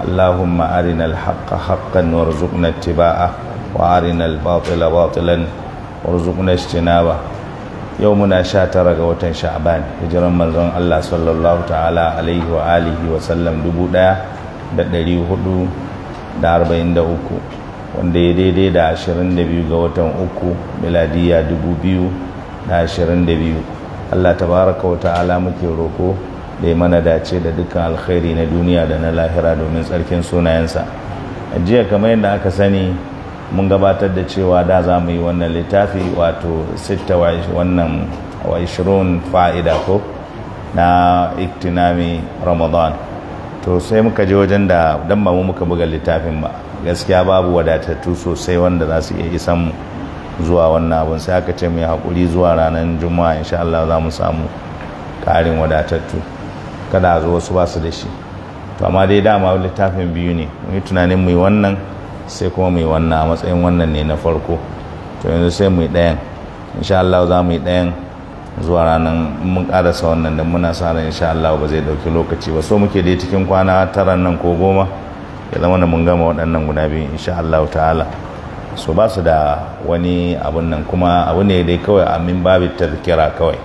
اللهم أرنا الحق حقا وارزقنا اتباعه وأرنا الباطل باطلا وارزقنا اجتنابه يومنا شاتر غوتن شعبان هجران منزون Allah صلى الله تعالى عليه وآله وسلم دبو دا da ɗari hudu da arba'in da uku wanda ya daidai da ashirin da biyu ga watan uku miladiya dubu biyu da ashirin da biyu allah tabaraka wa ta'ala muke roko da ya mana dace da dukkan alkhairi na duniya da na lahira domin tsarkin sunayensa jiya kamar yadda aka sani mun gabatar da cewa da za mu yi wannan littafi wato 26 wannan 20 fa'ida ko na iktinami ramadan to sai muka je wajen da dan ba mu muka buga littafin ba gaskiya babu wadatattu sosai wanda za su iya isan mu zuwa wannan abun sai aka ce mu yi haƙuri zuwa ranar juma'a insha Allah za mu samu ƙarin wadatattu kada zo wasu basu su da shi to amma dai dama littafin biyu ne mun yi tunanin mu yi wannan sai kuma mu yi wannan a matsayin wannan ne na farko to yanzu sai mu yi ɗayan insha Allah za mu yi ɗayan zuwa ranar mun karasa wannan da muna sa ran insha Allah ba zai dauki lokaci ba so muke dai cikin kwana tara nan ko goma ya zama da mun gama waɗannan guda biyu insha Allah ta'ala so ba su da wani abun nan kuma abu ne dai kawai amin babu tazkira kawai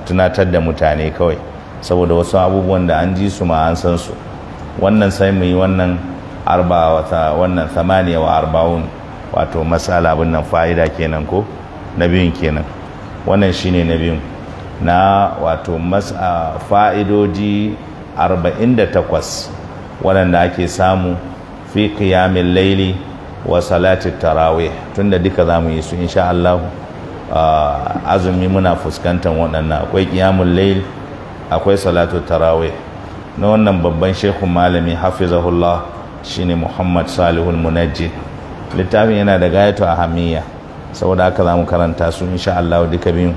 a tunatar da mutane kawai saboda wasu abubuwan da an ji su ma an san su wannan sai mu yi wannan arba wata wannan thamaniya wa arba'un wato masala abin nan fa'ida kenan ko na biyun kenan wannan shine na biyun na wato fa'idoji 48 waɗanda ake samu fi qiyamil laili wa salati tarawih tunda duka zamu mu yi su insha Allah azumi muna fuskantar waɗannan akwai qiyamul laili akwai salatu tarawe na wannan babban shehun malami hafizahullah shine muhammad salihul munajji littafin yana da gayatu a hamiya saboda aka za mu karanta su insha Allah duka biyun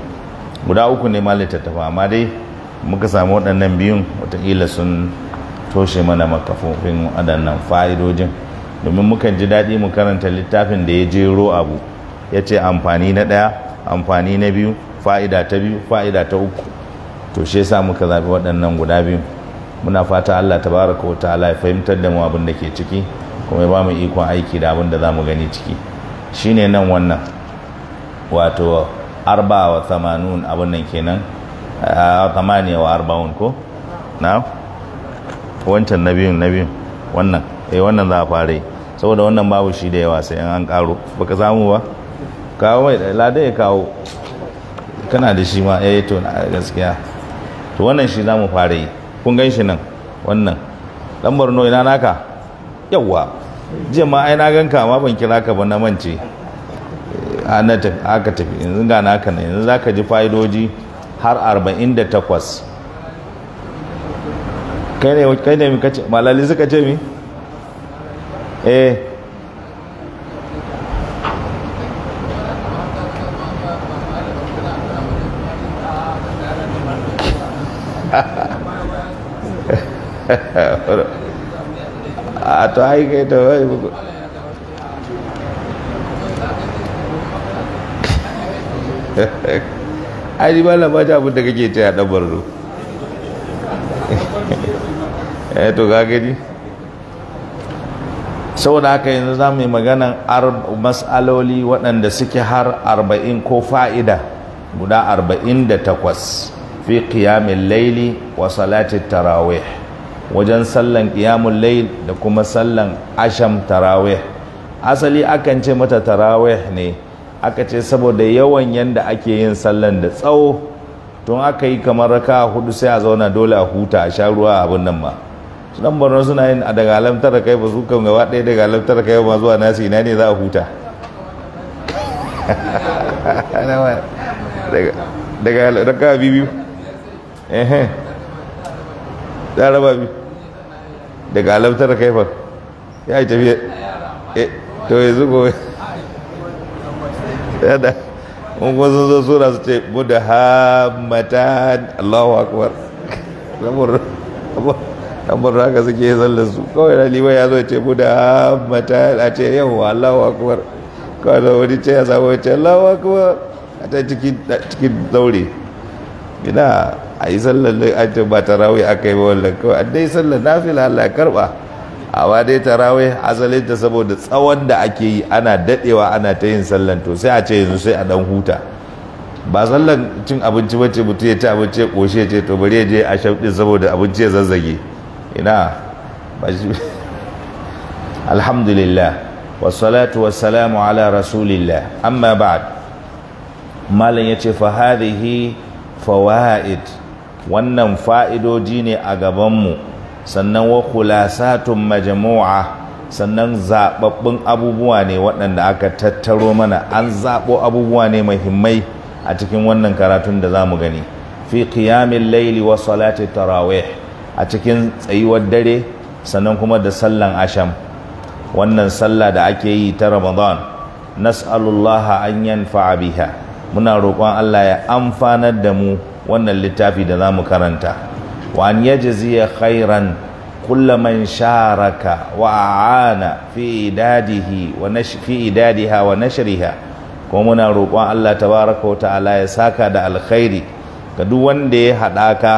guda uku ne ma littattafa amma dai muka samu waɗannan biyun watakila sun toshe mana makafofin waɗannan fa'idojin domin muka ji daɗi mu karanta littafin da ya jero abu ya ce amfani na ɗaya amfani na biyu fa'ida ta biyu fa'ida ta uku to shi yasa muka zaɓi waɗannan guda biyu muna fata Allah tabaraka wa ta'ala ya fahimtar da mu abin da ke ciki kuma ya ba mu ikon aiki da abin da za mu gani ciki shine nan wannan wato arba wa thamanun abin nan kenan ah, thamaniya wa arba'un ko na wancan na biyun na biyun wannan eh wannan za a fara saboda wannan babu shi da yawa sai an karo baka samu ba kawo mai lada ya kawo kana da shi ma eh to gaskiya to wannan shi za mu fara yi kun gan shi nan wannan dan borno ina naka yawa jiya ma ai na ganka amma ban kira ka ba na mance eh, na ta aka tafi yanzu ga naka ne yanzu zaka ji fa'idoji har 48 kai ne kai ne mu kace malali suka ce mi eh a to ai kai आज wai बचा बुद्ध के ba ta abin da kake ce a dan barno eh to ga gani saboda haka yanzu za mu yi maganan mas'aloli waɗanda suke har arba'in ko fa'ida guda arba'in da takwas fi ƙiyamin laili wa salatin tarawih wajen sallan ƙiyamun layl da kuma sallan asham tarawih asali akan ce mata tarawih ne aka ce saboda yawan yanda ake yin sallan da tsawo tun aka yi kamar raka hudu sai a zauna dole a huta a sha ruwa abin nan ma su dan suna yin daga alamtar kai ba su kan gaba ɗaya daga alamtar kai ba zuwa nasi ina ne za a huta daga kai biyu ehe da raba bi daga alamtar kaifar ya yi tafiya e, to ya zugo yada mun kuma sun zo sura su ce buda hamatan allahu akwar lamar haka suke yi zallar su kawai na liman ya zo ce buda hamatan a ce yau allahu akwar kawai da wani ce ya samu ce allahu akwar a ta cikin zaure ina a yi sallar da ajin ba tarawih aka yi ba wannan kawai an dai sallar nafila Allah karba ba dai tarawai asalin ta saboda tsawon da ake yi ana dadewa ana ta yin sallar to sai a ce yanzu sai a dan huta ba sallar cin abinci mace mutum ya ci abinci ya koshe ya ce to bari ya je a shafɗin saboda abinci ya zazzage ina ba shi alhamdulillah wasalatu wasalamu ala rasulillah amma ba malam ya fa hadhihi fawa'id wannan fa'idoji ne a gabanmu sannan wa satun majamu'a sannan zababbin abubuwa ne waɗanda aka tattaro mana an zaɓo abubuwa ne muhimmai a cikin wannan karatun da zamu gani fi qiyamil laili wa salati tarawih a cikin tsayuwar dare sannan kuma da sallan asham wannan sallah da ake yi ta Ramadan nas'alullaha an yanfa biha muna roƙon Allah ya amfanar da mu wannan littafi da za mu karanta wa an yajziya khairan kulla man sharaka wa aana fi idadihi wa fi idadiha wa nashriha ko muna roƙon Allah tabaraka wa ta'ala ya saka da alkhairi ga duk wanda ya haɗaka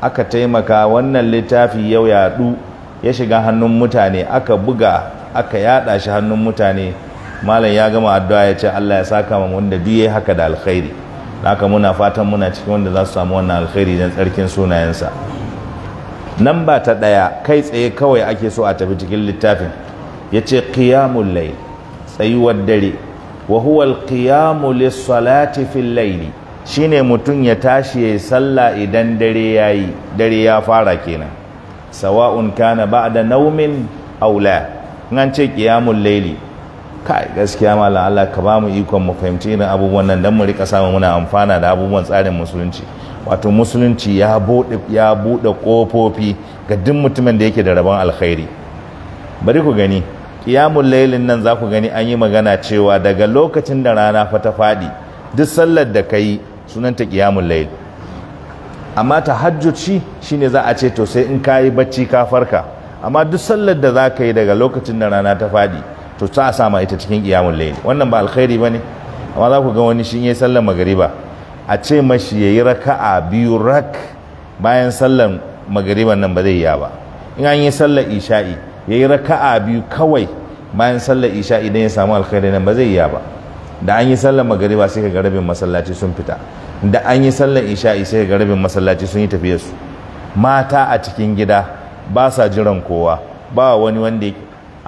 aka taimaka wannan littafi yau yaɗu ya shiga hannun mutane aka buga aka yaɗa shi hannun mutane malam ya gama addu'a ya ce Allah ya saka mu wanda biye haka da alkhairi haka muna fatan muna cikin wanda za su samu wannan alkhairi don tsarkin sunayensa nan ba ta ɗaya kai tsaye kawai ake so a tafi cikin littafin ya ce ƙiyamun lai tsayuwar dare wa huwal ƙiyamu lissalati fil laili shine mutum ya tashi ya sallah idan dare ya dare ya fara kenan sawa'un kana da naumin aula in an ce ƙiyamun laili kai gaskiya malam Allah ka ba mu ikon mu fahimci irin abubuwan nan dan mu rika samun muna amfana da abubuwan tsarin musulunci wato musulunci ya bude ya kofofi ga duk mutumin da yake da rabon alkhairi bari ku gani ƙiyamun lailin nan za ku gani an yi magana cewa daga lokacin da rana fa ta fadi duk sallar da kai sunanta qiyamul lail amma tahajjuci shine za a ce to sai in kayi bacci ka farka amma duk sallar da za ka yi daga lokacin da rana ta fadi to ta sama ita cikin iyamun laili wannan ba alkhairi ba ne amma za ku ga wani shi ya sallar magariba a ce mashi ya yi raka'a biyu rak bayan sallar magariba nan ba zai yi ba in an yi sallar isha'i ya yi raka'a biyu kawai bayan sallar isha'i idan ya samu alkhairi nan ba zai yi ba da an yi sallar magariba sai ka ga rabin masallaci sun fita da an yi sallar isha'i sai ka ga rabin masallaci sun yi tafiyarsu mata a cikin gida ba sa jiran kowa ba wani wanda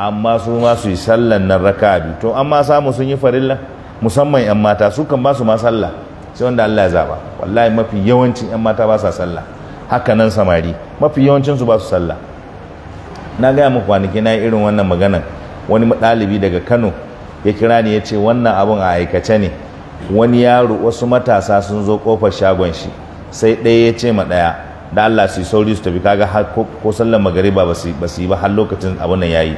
amma su ma su yi sallan nan raka biyu to amma samu sun yi farilla musamman yan mata su kan ba su ma sallah sai wanda Allah ya zaba wallahi mafi yawancin yan mata ba sa sallah haka nan samari mafi yawancin su ba su sallah na ga muku kwanaki na irin wannan maganan wani ɗalibi daga Kano ya kira ni ya ce wannan abun a aikace ne wani yaro wasu matasa sun zo kofar shagon shi sai ɗaya ya ce ma ɗaya da Allah su yi sauri su tafi kaga ko sallar magariba ba su yi ba har lokacin abu nan yayi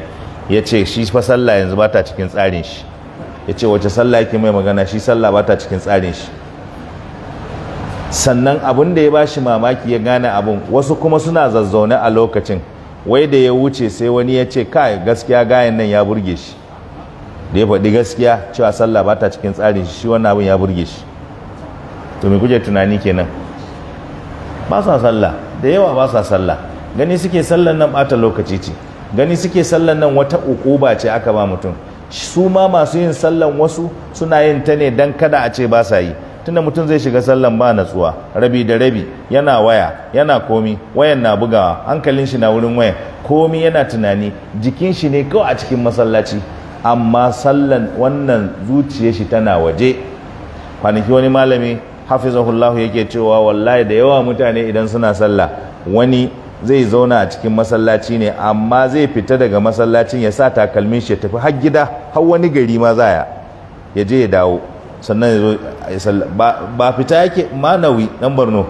ya ce shi fa sallah yanzu ba ta cikin tsarin shi ya ce wace sallah yake mai magana shi sallah ba ta cikin tsarin shi sannan abin da ya ba shi mamaki ya gane abin wasu kuma suna zazzaune a lokacin wai da ya wuce sai wani ya ce kai gaskiya gayan nan ya burge shi da ya faɗi gaskiya cewa sallah ba ta cikin tsarin shi wannan abin ya burge shi to me kuke tunani kenan ba sa sallah da yawa ba sa sallah gani suke sallan nan ɓata lokaci ce gani suke sallan nan wata ba ce aka ba mutum su ma masu yin sallan wasu suna yin ta ne dan kada a ce ba sa yi tunda mutum zai shiga sallan ba natsuwa rabi da rabi yana waya yana komi wayan na bugawa hankalin shi na wurin waya komi yana tunani jikin shi ne kawai a cikin masallaci amma sallan wannan zuciyar shi tana waje kwanaki wani malami hafizahullahu yake cewa wallahi da yawa mutane idan suna sallah wani zai zauna a cikin masallaci ne amma zai fita daga masallacin ya sa takalmin shi ya tafi har gida har wani gari ma zaya ya je ya dawo sannan ya ba fita yake manawi nan Borno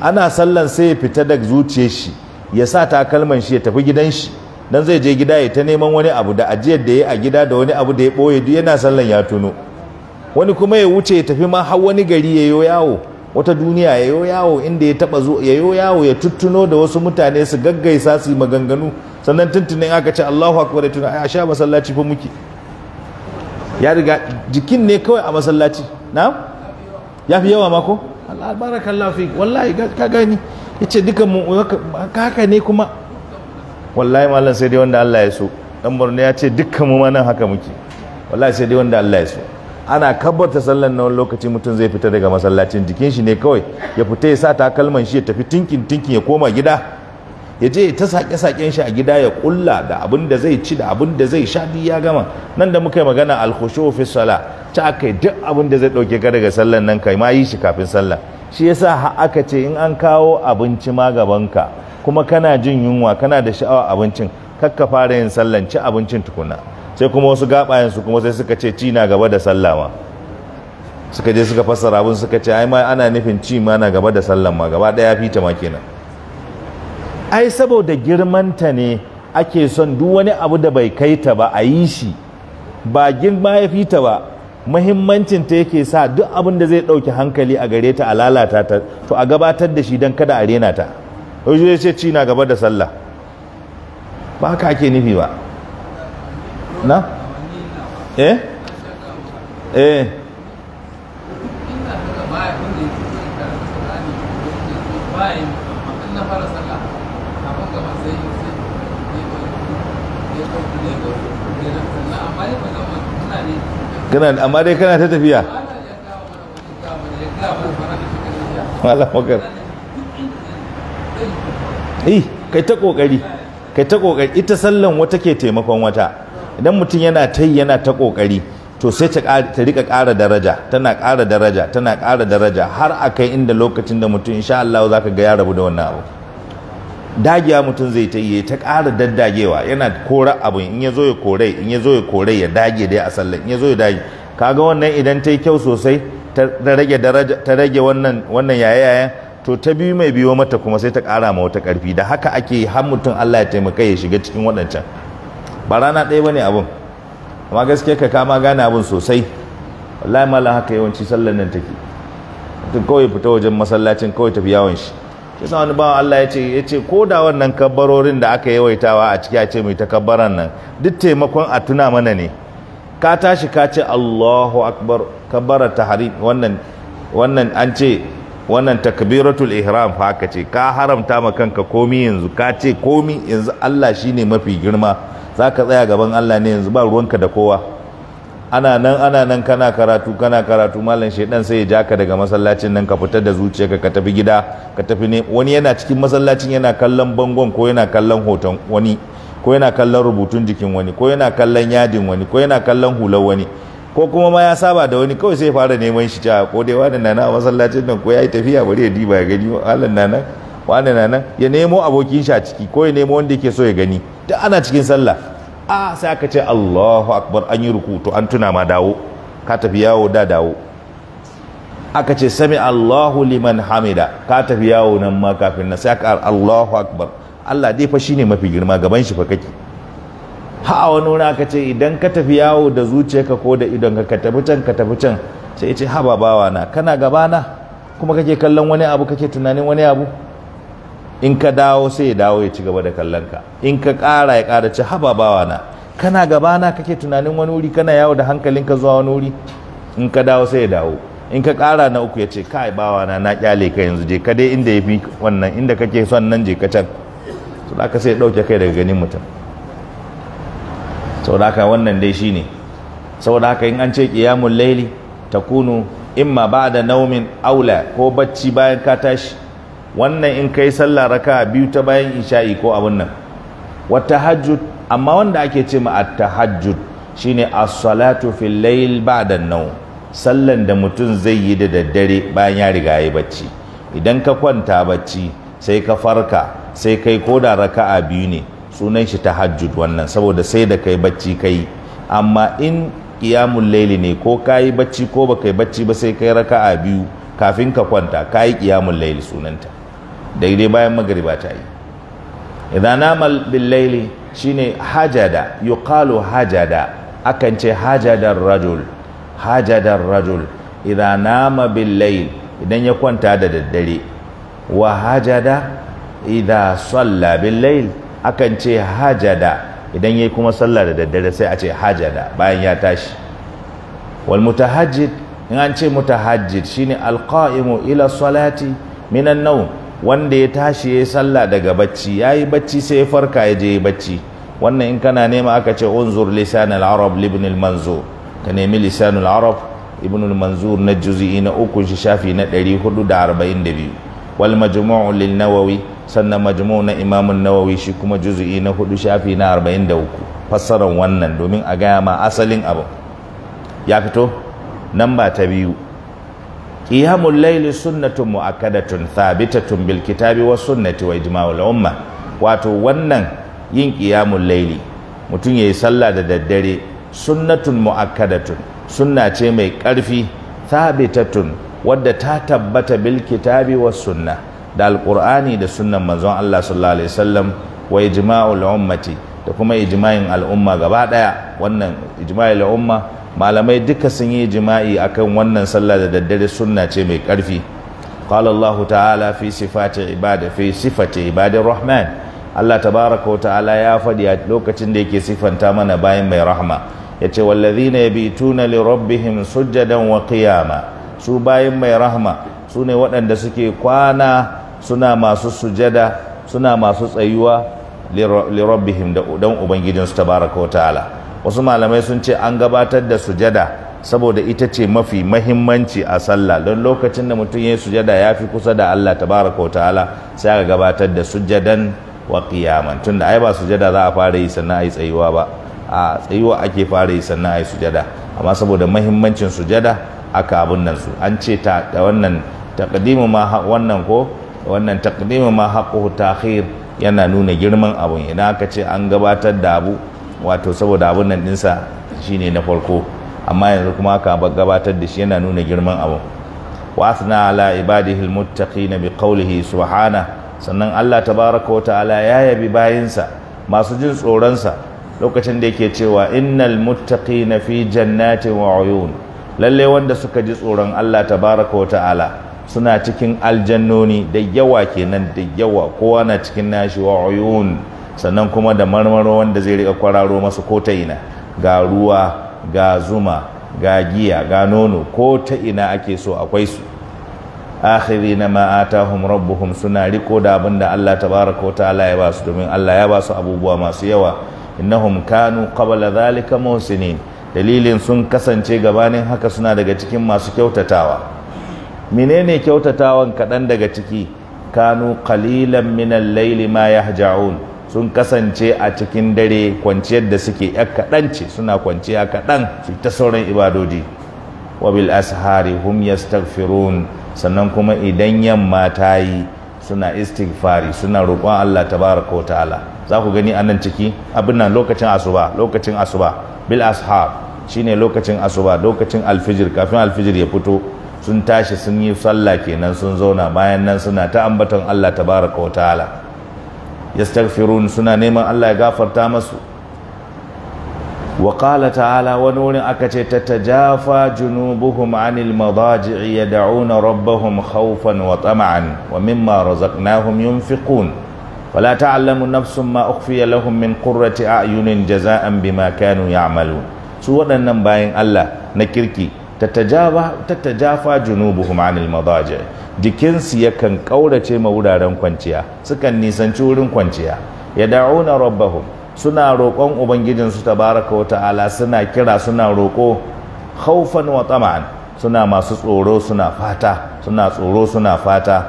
ana sallan sai ya fita daga zuciyar shi ya sa takalman shi ya tafi gidan shi dan zai je gida ya ta neman wani abu da ajiyar da ya a gida da wani abu da ya boye duk yana sallan ya tuno wani kuma ya wuce ya tafi ma har wani gari ya yo yawo wata duniya yayo yawo inda ya taba zo ya yo yawo ya tuttuno da wasu mutane su gaggaisa su yi maganganu sannan tuntunin aka ce Allahu akbar ya tuna a sha masallaci fa muke ya riga jikin ne kawai a masallaci na ya fi yawa mako Allah allah fi wallahi ka gani yace duka mu haka ne kuma wallahi malam sai dai wanda Allah ya so dan Borno ya ce dukkan mu ma nan haka muke wallahi sai dai wanda Allah ya so ana kabbata sallan na wani lokaci mutum zai fita daga masallacin jikin shi ne kawai ya fita ya sa takalman shi ya tafi tinkin tinkin ya koma gida ya je ta sake saken shi a gida ya kulla da abin da zai ci da abin da zai sha ya gama nan da muka yi magana alkhushu fi sala ta kai duk abin da zai dauke ka daga sallan nan kai ma yi shi kafin sallah shi yasa aka ce in an kawo abinci ma gabanka kuma kana jin yunwa kana da sha'awa abincin kakka fara yin sallan ci abincin tukuna sai kuma wasu gabayen su kuma sai suka ce ci na gaba da sallama suka je suka fassara abin suka ce ai ma ana nufin ci ma na gaba da sallama gaba daya fita ma kenan ai saboda girmanta ne ake son duk wani abu da bai kai ta ba a yi shi ba girma ya fita ba mahimmancin ta yake sa duk abin da zai dauki hankali a gare ta a lalata ta to a gabatar da shi don kada a rena ta yau ce ci na gaba da sallah ba haka ake nufi ba na eh eh kana amma dai kana ta tafiya malamakar eh kai ta kokari kai ta kokari ita sallan wata ke taimakon wata idan mutum yana ta yi yana ta kokari to sai ta rika ƙara daraja tana ƙara daraja tana ƙara daraja har a kai inda lokacin da mutum insha Allah za ka ga ya rabu da wannan abu dagiya mutum zai ta yi ta ƙara daddagewa yana kora abu in ya zo ya kore in ya zo ya kore ya dage dai a in ya zo ya dage kaga wannan idan ta yi kyau sosai ta rage daraja ta wannan wannan yayayen to ta biyu mai biyo mata kuma sai ta ƙara ma wata ƙarfi da haka ake har mutum Allah ya taimaka ya shiga cikin waɗancan ba rana ɗaya ba ne abun amma gaskiya ka kama gane abin sosai wallahi malam haka yawanci sallar nan take mutum kawai fita wajen masallacin kawai tafi yawon shi shi sa wani bawa Allah ya ce ko da wannan kabbarorin da aka yawaitawa a ciki a ce mai takabbaran nan duk taimakon a tuna mana ne ka tashi ka ce Allahu akbar kabbara wannan wannan an ce wannan takbiratul ihram fa haka ce ka haramta ma kanka komi yanzu ka ce komi yanzu Allah shine mafi girma za ka tsaya gaban Allah ne yanzu ba ruwanka da kowa ana nan ana nan kana karatu kana karatu malam shaidan sai ya ja ka daga masallacin nan ka fitar da zuciyarka ka tafi gida ka tafi ne wani yana cikin masallacin yana kallon bangon ko yana kallon hoton wani ko yana kallon rubutun jikin wani ko yana kallon yadin wani ko yana kallon hular wani ko kuma ma ya saba da wani kawai sai ya fara neman shi ta ko dai wani nana a masallacin nan ko ya yi tafiya bari ya diba ya gani halin nana wane na nan ya nemo abokin shi a ciki ko ya nemo wanda yake so ya gani da ana cikin sallah a sai aka ce Allahu akbar an yi ruku to an tuna ma dawo ka tafi yawo da dawo aka ce sami Allahu liman hamida ka tafi yawo nan ma kafin na sai aka Allahu akbar Allah dai fa ne mafi girma gaban shi fa kake ha a wani wani aka ce idan ka tafi yawo da zuciyarka ko da idon ka tafi can ka tafi can sai ya ce haba bawa na kana gabana kuma kake kallon wani abu kake tunanin wani abu in ka dawo sai ya dawo ya ci gaba da kallon ka in ka ƙara ya ƙara ci haba bawa na kana gabana kake tunanin wani wuri kana yawo da hankalinka zuwa wani wuri in ka dawo sai ya dawo in ka ƙara na uku ya ce kai bawa na na kyale ka yanzu je ka dai inda ya fi wannan inda kake son nan je ka can to da sai ɗauke kai daga ganin mutum sau da wannan dai shi ne sau da in an ce ƙiyamun laili ta kunu imma ba da naumin aula ko bacci bayan ka tashi wannan in kai sallah raka biyu ta bayan isha'i ko abin nan wata hajjud amma wanda ake ce ma at-tahajjud shine as-salatu fil layl ba'da an sallan da mutum zai yi da daddare bayan ya riga ya bacci idan ka kwanta bacci sai ka farka sai kai ko koda raka'a biyu ne sunan shi ta tahajjud wannan saboda sai da kai bacci kai amma in qiyamul laili ne ko kayi bacci ko baka yi bacci ba sai kai raka'a biyu kafin ka kwanta kayi qiyamul laili sunanta daidai bayan magariba ta yi idan namal billaili shine hajada yuqalu hajada akan ce hajadar rajul hajadar rajul idan nama billail idan ya kwanta da daddare wa hajada idan salla billail akan ce hajada idan yayi kuma sallah da daddare sai a ce hajada bayan ya tashi wal mutahajjid in an ce mutahajjid shine alqaimu ila salati minan nau? wanda ya tashi ya sallah daga bacci ya yi bacci sai farka ya je ya bacci wannan in kana nema aka ce unzur lisan al-arab libn al-manzur ka nemi lisan al-arab ibn al-manzur na juz'i na uku shi shafi na 442 wal majmu'u lil nawawi sannan majmu'u na imam an-nawawi shi kuma juz'i na hudu shafi na 43 fassarar wannan domin a gaya ma asalin abu ya fito nan ba ta biyu qiyamul layli sunnatun mu'akkadatun thabitatun bil kitabi was sunnati wa ijma'ul umma wato wannan yin qiyamul layli mutum yayi sallah da daddare sunnatun mu'akkadatun sunna ce mai ƙarfi thabitatun wadda ta tabbata bil kitabi sunna da alqur'ani da sunnan manzon Allah sallallahu alaihi wasallam wa ijma'ul ummati da kuma ijma'in al'umma gaba daya wannan ijma'il umma malamai duka sun yi jima'i akan wannan sallah da daddare sunna ce mai karfi qala Allah ta'ala fi sifati ibada fi sifati ibadir rahman Allah tabaraka ta'ala ya faɗi a lokacin da yake sifanta mana bayan mai rahma yace wallazina yabituna li rabbihim sujjadan wa qiyama su bayan mai rahma su ne waɗanda suke kwana suna masu sujada suna masu tsayuwa li rabbihim da dan ubangijinsu tabaraka ta'ala wasu malamai sun ce an gabatar da sujada saboda ita ce mafi mahimmanci a sallah don lokacin da mutum ya yi sujada ya fi kusa da Allah ta wa ta'ala sai aka gabatar da sujadan wa qiyaman tunda ai ba sujada za a fara yi sannan ai tsayuwa ba a tsayuwa ake fara yi sannan ai sujada amma saboda mahimmancin sujada aka abun nan su an ce ta da wannan taqdimu ma wannan ko wannan taqdimu ma haqqu ta'khir yana nuna girman abun idan aka ce an gabatar da abu wato saboda abun nan ɗinsa shine na farko amma yanzu kuma aka gabatar da shi yana nuna girman abu wa asna ala ibadihi almuttaqina biqawlihi subhana sannan Allah tabaraka wa ta'ala ya yabi bayinsa masu jin tsoron sa lokacin da yake cewa innal muttaqina fi jannatin wa uyun lalle wanda suka ji tsoron Allah tabaraka wa ta'ala suna cikin aljannoni da yawa kenan da yawa kowa na cikin nashi wa uyun sannan kuma da marmaro wanda zai riƙa kwararo masu ko ta ina ga ruwa ga zuma ga giya ga nono ko ta ina ake so akwai su akhiri na ma'atahum rabbuhum suna riko da abin da Allah tabaraka wa ta'ala ya ba su domin Allah ya ba su abubuwa masu yawa hum kanu qabla dhalika muhsinin dalilin sun kasance gabanin haka suna daga cikin masu kyautatawa menene kyautatawan kaɗan daga ciki kanu qalilan min al-layli ma yahja'un sun kasance a cikin dare kwanciyar da suke ya kaɗan ce suna kwanciya kaɗan su ta sauran ibadoji wabil ashari hum yastaghfirun sannan kuma idan yamma ta yi suna istighfari suna roƙon Allah tabaraka wa ta'ala za ku gani a nan ciki abin nan lokacin asuba lokacin asuba bil ashar shine lokacin asuba lokacin alfijir kafin alfijir ya fito sun tashi sun yi sallah kenan sun zauna bayan nan suna ta ambaton Allah tabaraka wa ta'ala yastaghfirun suna neman Allah ya gafarta masu wa qala ta'ala wani wurin aka ce tatajafa junubuhum anil madaji'i yad'una rabbahum khawfan wa tama'an wa mimma razaqnahum yunfiqun fala تعلم nafsun ma أخفي لهم min قرة أعين jaza'an bima كانوا يعملون su waɗannan bayan Allah na kirki tattajafa junubuhum anil mazaje jikinsu yakan kaurace ma wuraren kwanciya sukan nisanci wurin kwanciya ya da'una rabbahum suna roƙon ubangijinsu tabaraka wa ta'ala suna kira suna roƙo haufan wa tama'an suna masu tsoro suna fata suna tsoro suna fata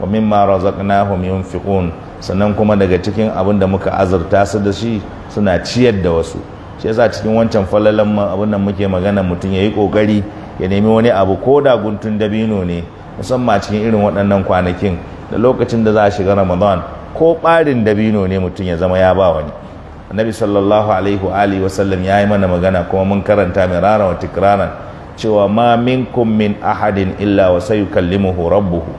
wa mimma razaqnahum yunfiqun sannan kuma daga cikin abin da muka azurta su da shi suna ciyar da wasu shi yasa cikin wancan falalan abin nan muke magana mutum ya yi kokari ya nemi wani abu ko da guntun dabino ne musamman cikin irin waɗannan kwanakin da lokacin da za a shiga ramadan ko ɓarin dabino ne mutum ya zama ya ba wani annabi sallallahu alaihi wa alihi wasallam sallam ya yi mana magana kuma mun karanta rara wa tikraran cewa ma minkum min ahadin illa wa sayukallimuhu rabbuhu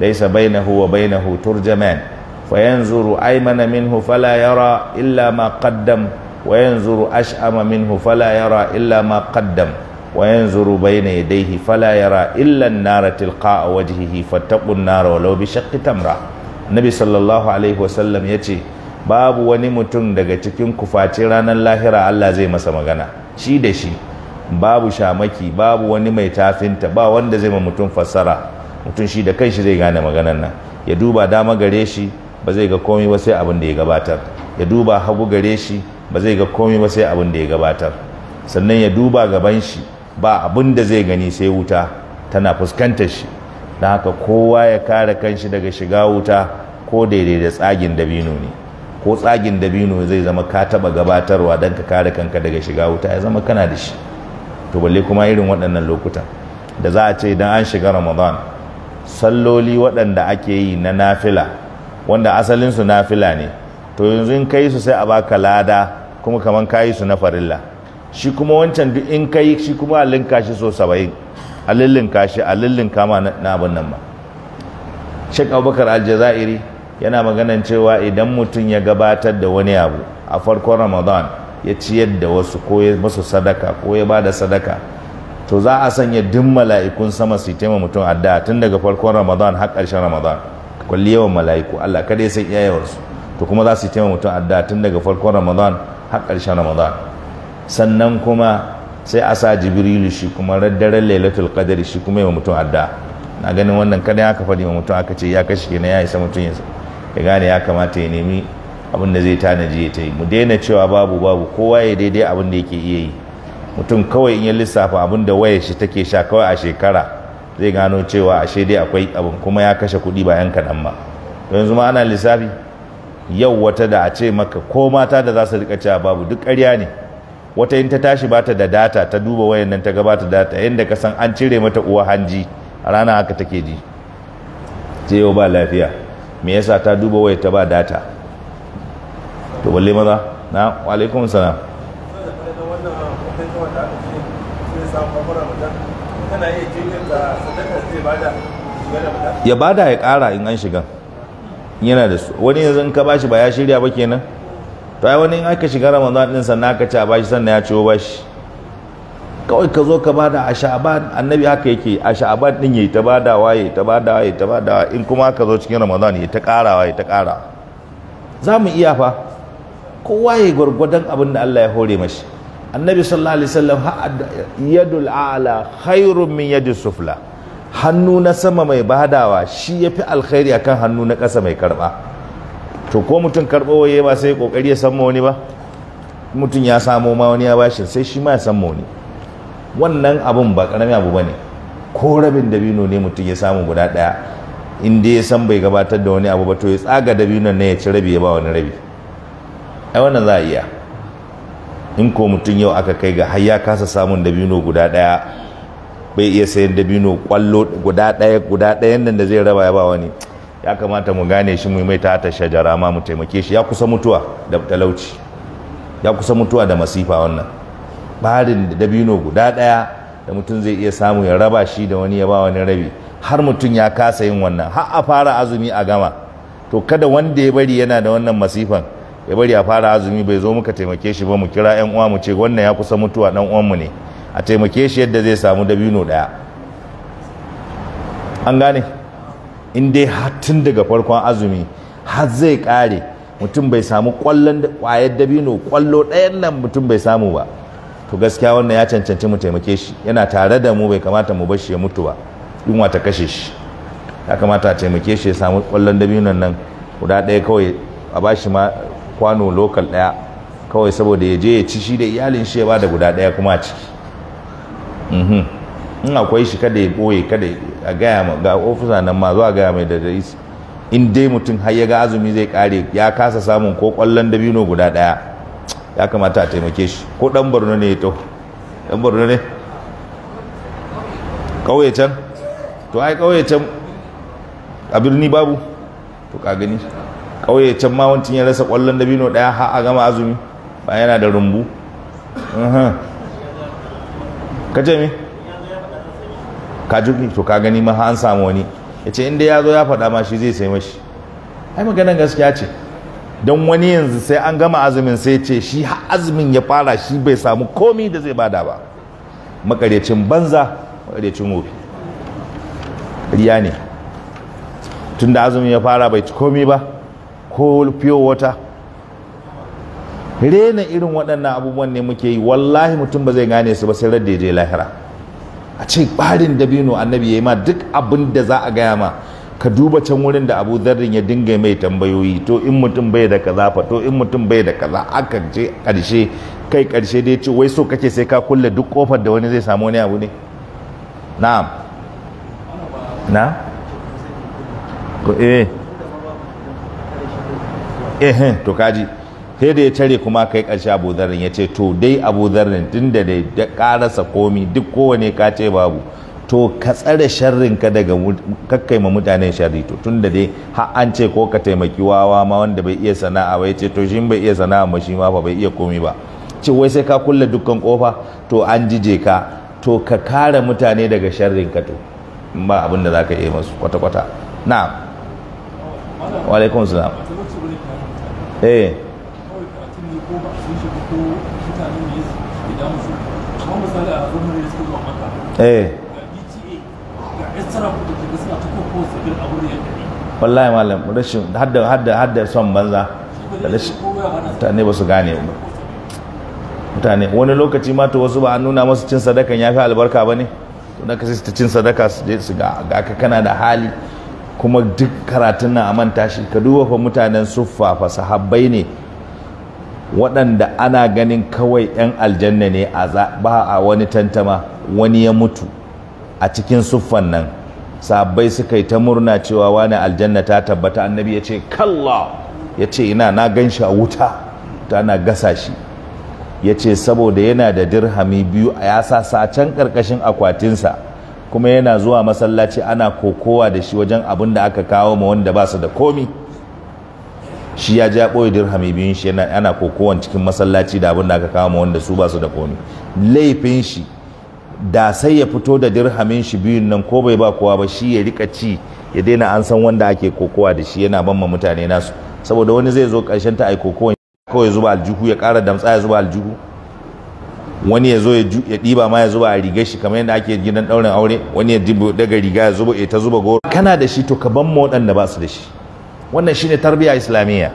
laysa bainahu wa bainahu turjaman fayanzuru aymana minhu fala yara illa ma qaddam wa yanzuru ash'ama minhu fala yara illa ma qaddam wa yanzuru bayna yadayhi fala yara illa an-nara tilqa'a wajhihi fattaqun nara walau bi shaqqi tamra annabi sallallahu alaihi wasallam yace babu wani mutum daga cikin kufacin ranar lahira Allah zai masa magana shi da shi babu shamaki babu wani mai tafinta ba wanda zai ma mutum fassara mutum shi da kanshi zai gane maganar nan ya duba dama gare shi ba zai ga komai ba sai abin da ya gabatar ya duba hagu gare shi ba zai ga komai ba sai abin da ya gabatar sannan ya duba gaban shi ba abin da zai gani sai wuta tana fuskantar shi don haka kowa ya kare kanshi daga shiga wuta ko daidai da tsagin dabino ne ko tsagin dabino zai zama ka taba gabatarwa don ka kare kanka daga shiga wuta ya zama kana da shi to balle kuma irin waɗannan lokutan da za a ce idan an shiga ramadan salloli waɗanda ake yi na nafila wanda asalinsu nafila ne to yanzu in kai su sai a baka lada kuma kaman kayi su na farilla shi kuma wancan duk in kai shi kuma a linka shi so saba'in a lillinka shi a lillinka ma na abin nan ba shek abubakar aljazairi yana maganan cewa idan mutum ya gabatar da wani abu a farkon ramadan ya ciyar da wasu ko ya musu sadaka ko ya ba da sadaka to za a sanya duk mala'ikun sama su taimaka mutum addu'a tun daga farkon ramadan har karshen ramadan kulli yawan mala'iku Allah kada ya san iyayawarsu to kuma za su yi taimaka mutum adda tun daga farkon ramadan har ƙarshen ramadan sannan kuma sai a sa jibrilu shi kuma daren lailatul qadari shi kuma yi mutum adda na ganin wannan kada aka faɗi wa mutum aka ce ya kashi kenan ya isa mutum ya gane ya kamata ya nemi abin da zai tanaji ya ta yi mu daina cewa babu babu kowa ya daidai abin da yake iya yi mutum kawai in ya lissafa abin da waya shi take sha kawai a shekara zai gano cewa ashe dai akwai abin kuma ya kashe kuɗi bayan yan kaɗan ba yanzu ma ana lissafi yau wata da a ce maka ko mata da za su rika cewa babu duk ƙarya ne wata in ta tashi bata da data ta duba wayan nan ta gabata data yadda ka san an cire mata uwa hanji a rana haka take ji ce yau ba lafiya me yasa ta duba wayar ta ba data to balle maza na alaikum ya bada ya ƙara in an shiga yana da su wani yanzu in ka bashi ba ya shirya ba kenan to ai wani in aka shiga ramadan din sannan aka ci a bashi sannan ya ciwo bashi kawai ka zo ka bada a sha'aban annabi haka yake a sha'aban din yayi ta badawa yayi ta badawa yayi ta badawa in kuma aka zo cikin ramadan yayi ta karawa yayi ta kara za mu iya fa kowa yayi gwargwadon abin da Allah ya hore mashi annabi sallallahu alaihi wasallam yadul a'la khairun min yadis sufla hannu na sama mai badawa shi ya fi alkhairi akan hannu na ƙasa mai karɓa to ko mutum karɓo waye ba sai ƙoƙari ya san wani ba mutum ya samo ma wani ya bashi sai shi ma ya san wani wannan abun ba ƙarami abu ba ne ko rabin dabino ne mutum ya samu guda ɗaya in ya san bai gabatar da wani abu ba to ya tsaga dabino na ya ci rabi ya ba wani rabi ai wannan za a iya in ko mutum yau aka kai ga har ya kasa samun dabino guda ɗaya bai iya sayan dabino kwallo guda ɗaya guda ɗayan nan da zai raba ya ba wani ya kamata mu gane shi mu mai ta shajara ma mu taimake shi ya kusa mutuwa da talauci ya kusa mutuwa da masifa wannan barin dabino guda ɗaya da mutum zai iya samu ya raba shi da wani ya ba wani rabi har mutum ya kasa yin wannan har a fara azumi a gama to kada wanda ya bari yana da wannan masifan ya bari a fara azumi bai zo muka taimake shi ba mu kira yan uwa mu ce wannan ya kusa mutuwa dan uwanmu ne a taimake shi yadda zai samu dabino daya an gane in dai hatin daga farkon azumi har zai kare mutum bai samu kwallon kwayar dabino kwallo ɗayan nan mutum bai samu ba to gaskiya wannan ya cancanci mu taimake shi yana tare da mu bai kamata mu bar shi ya mutu ba yunwa ta kashe shi ya kamata a taimake shi ya samu kwallon dabinon nan guda ɗaya kawai a ba shi ma kwano lokal ɗaya kawai saboda ya je ya ci shi da iyalin shi ya ba da guda ɗaya kuma a ciki Mhm. in akwai shi kada ya ɓoye kada a gaya ma ga ofisa nan ma zuwa gaya mai da rais in dai mutum har ya ga azumi zai kare ya kasa samun ko kwallon dabino guda daya ya kamata a taimake shi ko dan borno ne ya to dan borno ne ƙauye can to ai ƙauye can a birni babu to ka gani ƙauye can ma wancan ya rasa kwallon dabino daya har a gama azumi ba yana da rumbu mhm. ka ka ji to ka gani ma an samu wani ya ce inda ya zo ya faɗa ma shi zai sai mashi ai maganar gaskiya ce don wani yanzu sai an gama azumin sai ce shi azumin ya fara shi bai samu komi da zai bada ba makarecin banza makarecin wofi riya ne tun da azumin ya fara bai ci komi ba ko fiyo wata rena irin waɗannan abubuwan ne muke yi wallahi mutum ba zai gane su ba sai radda je lahira a ce ɓarin dabino annabi ya yi ma duk abin da za a gaya ma ka duba can wurin da abu zarrin ya dinga mai tambayoyi to in mutum bai da kaza fa to in mutum bai da kaza aka je ƙarshe kai ƙarshe dai ce wai so kake sai ka kulle duk ƙofar da wani zai samu wani abu ne na'am na ko eh. eh eh to kaji sai da ya tare kuma kai ƙarshe abu zarin ya ce to dai abu zarin tun da dai ƙarasa komi duk kowane ka ce babu to ka tsare sharrinka daga kakkaima mutanen sharri to tun da dai har an ce ko ka taimaki wawa ma wanda bai iya sana'a ba ce to shi bai iya sana'a ba shi ma ba bai iya komi ba ce wai sai ka kulle dukkan kofa to an jije ka to ka kare mutane daga sharrinka to ba abin da zaka yi masu kwata-kwata na'am wa alaikum salam eh Eh. wallahi malam rashin hadda hadda hadda son banza da rashin mutane ba su gane ba mutane wani lokaci ma to wasu ba an nuna masu cin sadaka ya fi albarka ba ne to da ka ta cin sadaka su je su ga aka kana da hali kuma duk karatun na a manta shi ka duba fa mutanen suffa fa sahabbai ne waɗanda ana ganin kawai 'yan aljanna ne a ba a wani tantama wani ya mutu a cikin suffan nan sabai suka yi ta murna cewa wani aljanna ta tabbata annabi ya ce kalla ya ce ina na gan shi a wuta tana gasa shi ya ce saboda yana da dirhami biyu a yasa can ƙarƙashin akwatinsa kuma yana zuwa masallaci ana kokowa da shi wajen abin da aka kawo ma wanda ba su da komi shi ya ja ɓoye dirhami biyun shi yana ana kokowan cikin masallaci da abin da aka kama wanda su ba su da komi laifin shi da sai ya fito da dirhamin shi biyun nan ko bai ba kowa ba shi ya rika ci ya daina an san wanda ake kokowa da shi yana ban ma mutane nasu saboda wani zai zo ƙarshen ta ai kokowan kawai zuba aljihu ya ƙara damtsa ya zuba aljihu wani ya zo ya ɗiba ma ya zuba a rigar shi kamar yadda ake gidan ɗaurin aure wani ya daga riga ya zuba ya ta zuba goro kana da shi to ka ban ma waɗanda ba su da shi wannan shine tarbiyya islamiyya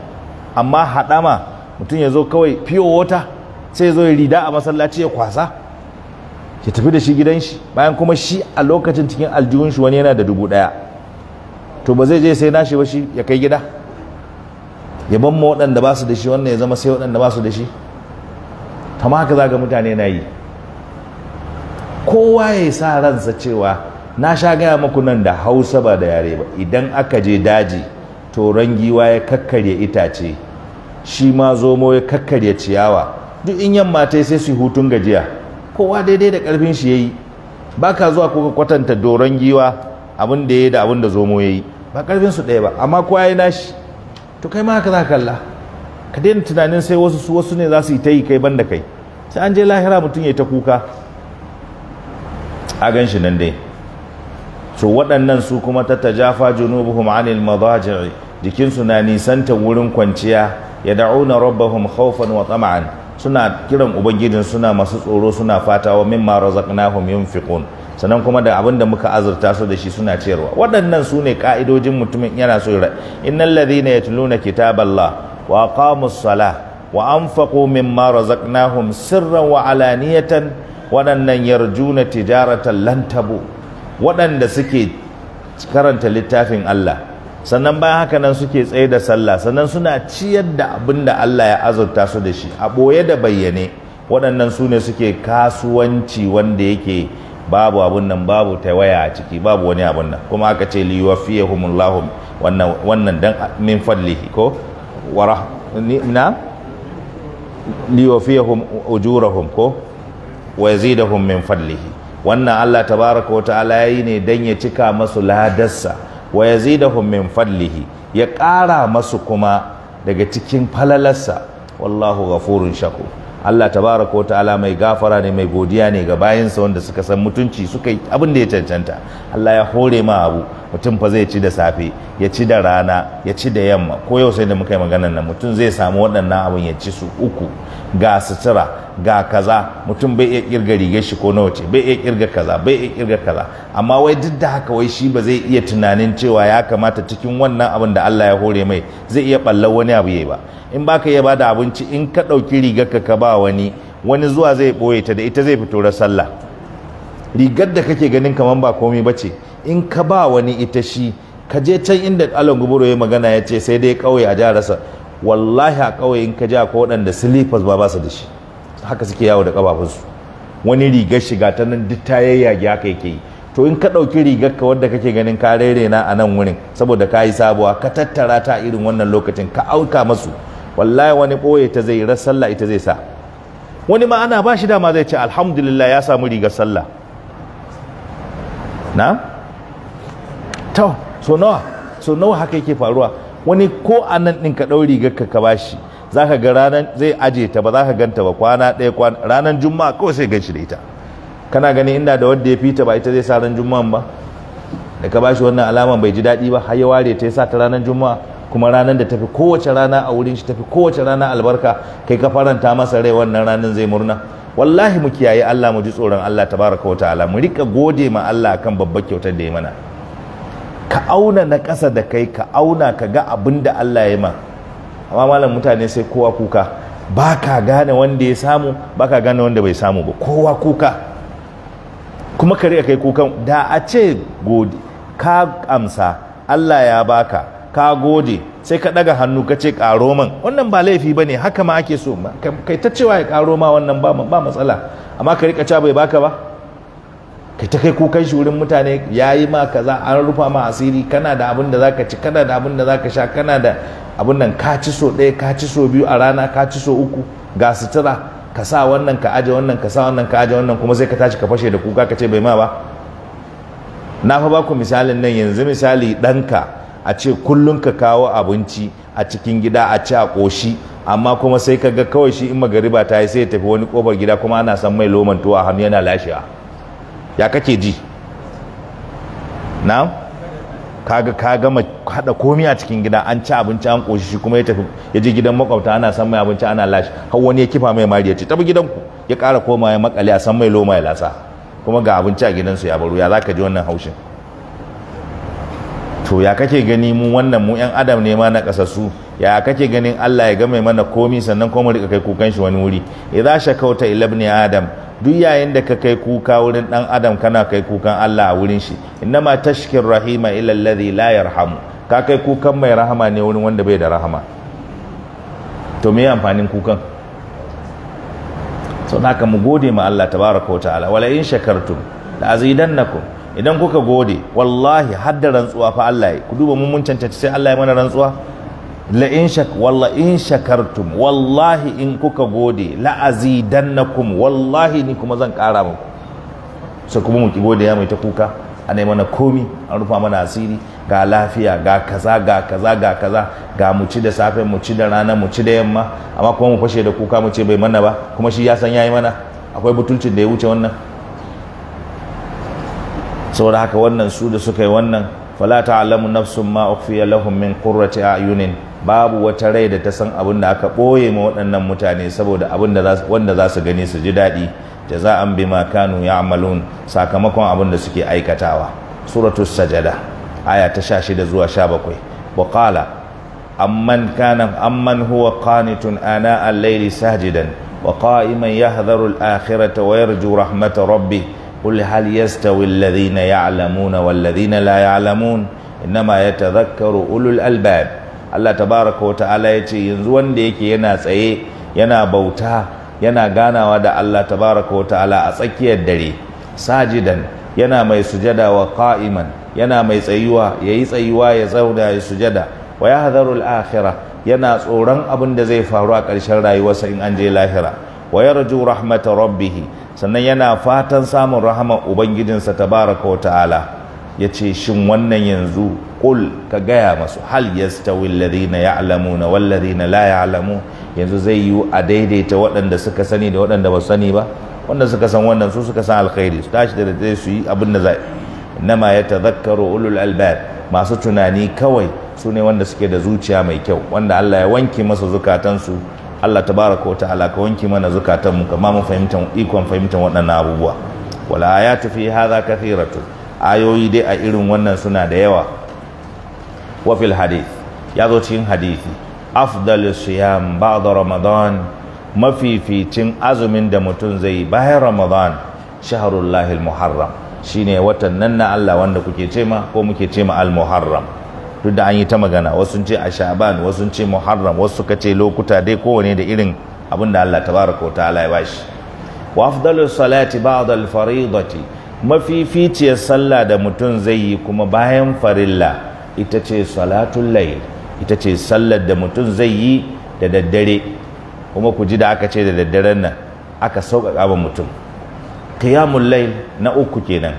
amma haɗama mutum ya zo kawai fiyo wata sai ya zo ya rida a masallaci ya kwasa ya tafi da shi gidan shi bayan kuma shi a lokacin cikin aljihun shi wani yana da dubu ɗaya to ba zai je sai nashi ba shi ya kai gida ya ban ma waɗanda ba su da shi wannan ya zama sai waɗanda ba su da shi kama haka za ga mutane na yi kowa ya sa ransa cewa na sha gaya maku nan da hausa ba da yare ba idan aka je daji toron giwa ya kakkarya itace shi ma zomo ya kakkarya ciyawa duk in yamma ta sai su yi hutun gajiya kowa daidai da karfin shi yayi ba ka zuwa ko ka kwatanta doron giwa abin da ya da abin da zomo ya yi ba karfin su ɗaya ba amma kowa ya nashi to kai ma haka za ka kalla ka daina tunanin sai wasu su wasu ne za su yi ta yi kai ban kai sai an je lahira mutum ya ta kuka a gan shi nan dai To waɗannan su kuma ta tajafa junubuhum anil madaji'i jikinsu na nisanta wurin kwanciya ya da'una rabbahum khawfan wa tama'an suna kiran ubangijin suna masu tsoro suna fata wa mimma razaqnahum yunfiqun sannan kuma da abin da muka azurta su da shi suna ciyarwa waɗannan su ne ka'idojin mutumin yana so ya innal ladhina yatluna kitaballah wa aqamus salah wa anfaqu mimma razaqnahum sirran wa alaniyatan waɗannan yarjuna tijaratan lan tabu waɗanda suke karanta littafin Allah sannan bayan haka nan suke tsaye da sallah sannan suna ciyar da abin da Allah ya azurta su da shi a ɓoye da bayyane waɗannan su ne suke kasuwanci wanda yake babu abun nan babu waya a ciki babu wani abun nan kuma aka ce li yuwaffiyahumullahu wannan wannan dan min fadlihi ko wara na li yuwaffiyahum ujurahum ko wa yazidahum min fadlihi wannan Allah tabaraka wa ta'ala yayi ne dan ya cika masu ladarsa wa yazidahum min fadlihi ya ƙara masu kuma daga cikin falalarsa wallahu ghafurun shaku Allah tabaraka wa ta'ala mai gafara ne mai godiya ne ga bayansa wanda suka san mutunci suka yi abin da ya cancanta Allah ya hore ma abu mutum fa zai ci da safe ya ci da rana ya ci da yamma ko yau sai da muka yi maganar nan mutum zai samu waɗannan abin ya ci su uku ga sutura ga kaza mutum bai iya kirga rigar shi ko nawa ce bai iya kirga kaza bai iya kirga kaza amma wai duk da haka wai shi ba zai iya tunanin cewa ya kamata cikin wannan abin da Allah ya hore mai zai iya ballar wani abu yayi ba in baka ba da abinci in ka ɗauki rigar ka ka ba wani wani zuwa zai boye ta da ita zai fito sallah rigar da kake ganin kamar ba komai bace ce in ka ba wani ita shi ka je can inda alon Guburo ya magana ya ce sai dai kauye a jarasa wallahi a kauye in ka ja ko waɗanda silifas ba ba su da shi haka suke yawo da kafafunsu wani rigar shiga ta nan duk ta yayyage haka yake yi to in ka ɗauki rigar ka wadda kake ganin ka na a nan wurin saboda ka yi sabuwa ka tattara ta irin wannan lokacin ka auka masu wallahi wani ɓoye ta zai ra sallah ita zai sa wani ma ana ba shi dama zai ce alhamdulillah ya samu rigar sallah na to so nawa so nawa haka yake faruwa wani ko a nan ɗin ka ɗau rigar ka ka bashi za ka ga ranar zai aje ta ba za ganta ba kwana ɗaya kwana ranar juma'a kawai sai gan shi da ita kana gani inda da wanda ya fita ba ita zai sa ran juma'an ba da ka bashi wannan alaman bai ji daɗi ba har ya ware ta ya sa ta ranar juma'a kuma ranar da tafi kowace rana a wurin shi tafi kowace rana albarka kai ka faranta masa rai wannan ranar zai murna wallahi mu kiyaye Allah mu ji tsoron Allah tabaraka wa ta'ala mu rika gode ma Allah akan babbar kyautar da ya mana ka auna na ƙasa da kai ka auna ka ga abin da Allah ya ma amma malam mutane sai kowa kuka ba ka gane wanda ya samu ba ka gane wanda bai samu ba kowa kuka kuma ka riƙa kai kukan da a ce gode ka amsa Allah ya baka ka gode sai ka ɗaga hannu ka ce ƙaro man wannan ba laifi ba ne haka ma ake so kai ta cewa ya ƙaro ma wannan ba matsala amma ka riƙa ca bai baka ba ka ta kai kukan shi wurin mutane ya yi ma kaza an rufa ma asiri kana da abin da za ka ci kana da abin da za ka sha kana da abin nan ka ci so ɗaya ka ci so biyu a rana ka ci so uku ga sutura ka sa wannan ka aje wannan ka sa wannan ka aje wannan kuma sai ka tashi ka fashe da kuka ka ce bai ma ba na fa baku misalin nan yanzu misali ɗanka a ce kullum ka kawo abinci a cikin gida a ci a ƙoshi amma kuma sai ka ga kawai shi in magariba ta yi sai ya tafi wani ƙofar gida kuma ana san mai loman tuwa hannu yana lashewa ya kake ji na'am kaga ka gama hada komi a cikin gida an ci abinci an koshi shi kuma ya tafi ya je gidan makwabta ana san mai abinci ana lashi har wani ya kifa mai mari ya ce gidan ku ya kara koma ya makale a san mai loma ya lasa kuma ga abinci a gidansu ya baro ya zaka ji wannan haushin to ya kake gani mu wannan mu yan adam ne ma na kasassu ya kake ganin Allah ya game mana komi sannan kuma rika kai kukan shi wani wuri idza shakauta ila ibn adam duk yayin da ka kai kuka wurin dan adam kana kai kukan Allah a wurin shi innama tashkir rahima ila alladhi la yarhamu ka kai kukan mai rahama ne wurin wanda bai da rahama to me amfanin kukan sau haka mu gode ma Allah tabaraka wa ta'ala wala in shakartum la azidannakum idan kuka gode wallahi hadda rantsuwa fa Allah ku duba mun mun cancanta sai Allah ya mana rantsuwa la in shak walla in shakartum wallahi in kuka gode la azidannakum wallahi ni kuma zan kara muku sai kuma mu ki gode ya mai ta kuka an nai mana komi an rufa mana asiri ga lafiya ga kaza ga kaza ga kaza ga mu ci da safe mu ci da rana mu ci da yamma amma kuma mu fashe da kuka mu ce bai mana ba kuma shi ya san yayi mana akwai butulcin da ya wuce wannan saboda haka wannan su da suka yi wannan fala ta'lamu nafsun ma ukhfiya lahum min qurrati ayunin babu wata rai da ta san abin da aka boye ma waɗannan mutane saboda abin da wanda za su gani su ji daɗi jaza'an bima kanu ya'malun sakamakon abin da suke aikatawa suratul sajada aya ta 16 zuwa 17 wa qala amman kana amman huwa qanitun ana al-layli sajidan wa qa'iman yahdharu al-akhirata wa yarju rahmata rabbih قل هل يستوي الذين يعلمون والذين لا يعلمون إنما يتذكر أولو الألباب Allah tabaraka wa ta'ala ya ce yanzu wanda yake yana tsaye yana bauta yana ganawa da Allah tabaraka wa ta'ala a tsakiyar dare sajidan yana mai sujada wa qa'iman yana mai tsayuwa yayi tsayuwa ya zauna ya sujada wa yahdharu al-akhirah yana tsoron abun da zai faru a ƙarshen rayuwarsa in an je lahira wa yarju rahmata rabbih sannan yana fatan samun rahaman ubangijinsa tabaraka wa ta'ala yace shin wannan yanzu kul ka gaya masu hal yastawi alladhina ya'lamuna wal na la ya'lamu yanzu zai yi a daidaita waɗanda suka sani da waɗanda ba sani ba wanda suka san wannan su suka san alkhairi su tashi da zai su yi abin da zai nama ya tazakkaru ulul albab masu tunani kawai su ne wanda suke da zuciya mai kyau wanda Allah ya wanke masa zukatansu Allah tabaraka wa ta'ala ka wanke mana zukatan mu kamar mu fahimtan ikon fahimtan waɗannan abubuwa wala ayatu fi hadha kathiratu ayoyi dai a irin wannan suna da yawa wa fil hadith ya zo cikin hadisi afdalu siyam ba'da ramadan mafificin azumin da mutum zai yi bayan ramadan shahrullahil muharram shine watan nan na Allah wanda kuke cema ko muke cema al muharram duk da an yi ta magana wasu ce a shaban wasu ce muharram wasu suka ce lokuta dai kowane da irin abin da Allah baraka wata ala ya bashi wa afdalu salati ba'da al-faridati mafificiyar sallah da mutum zai yi kuma bayan farilla ita ce salatul layl ita ce sallar da mutum zai yi da daddare kuma ku ji da aka ce da daddaren nan aka sauƙaƙa wa mutum qiyamul layl na uku kenan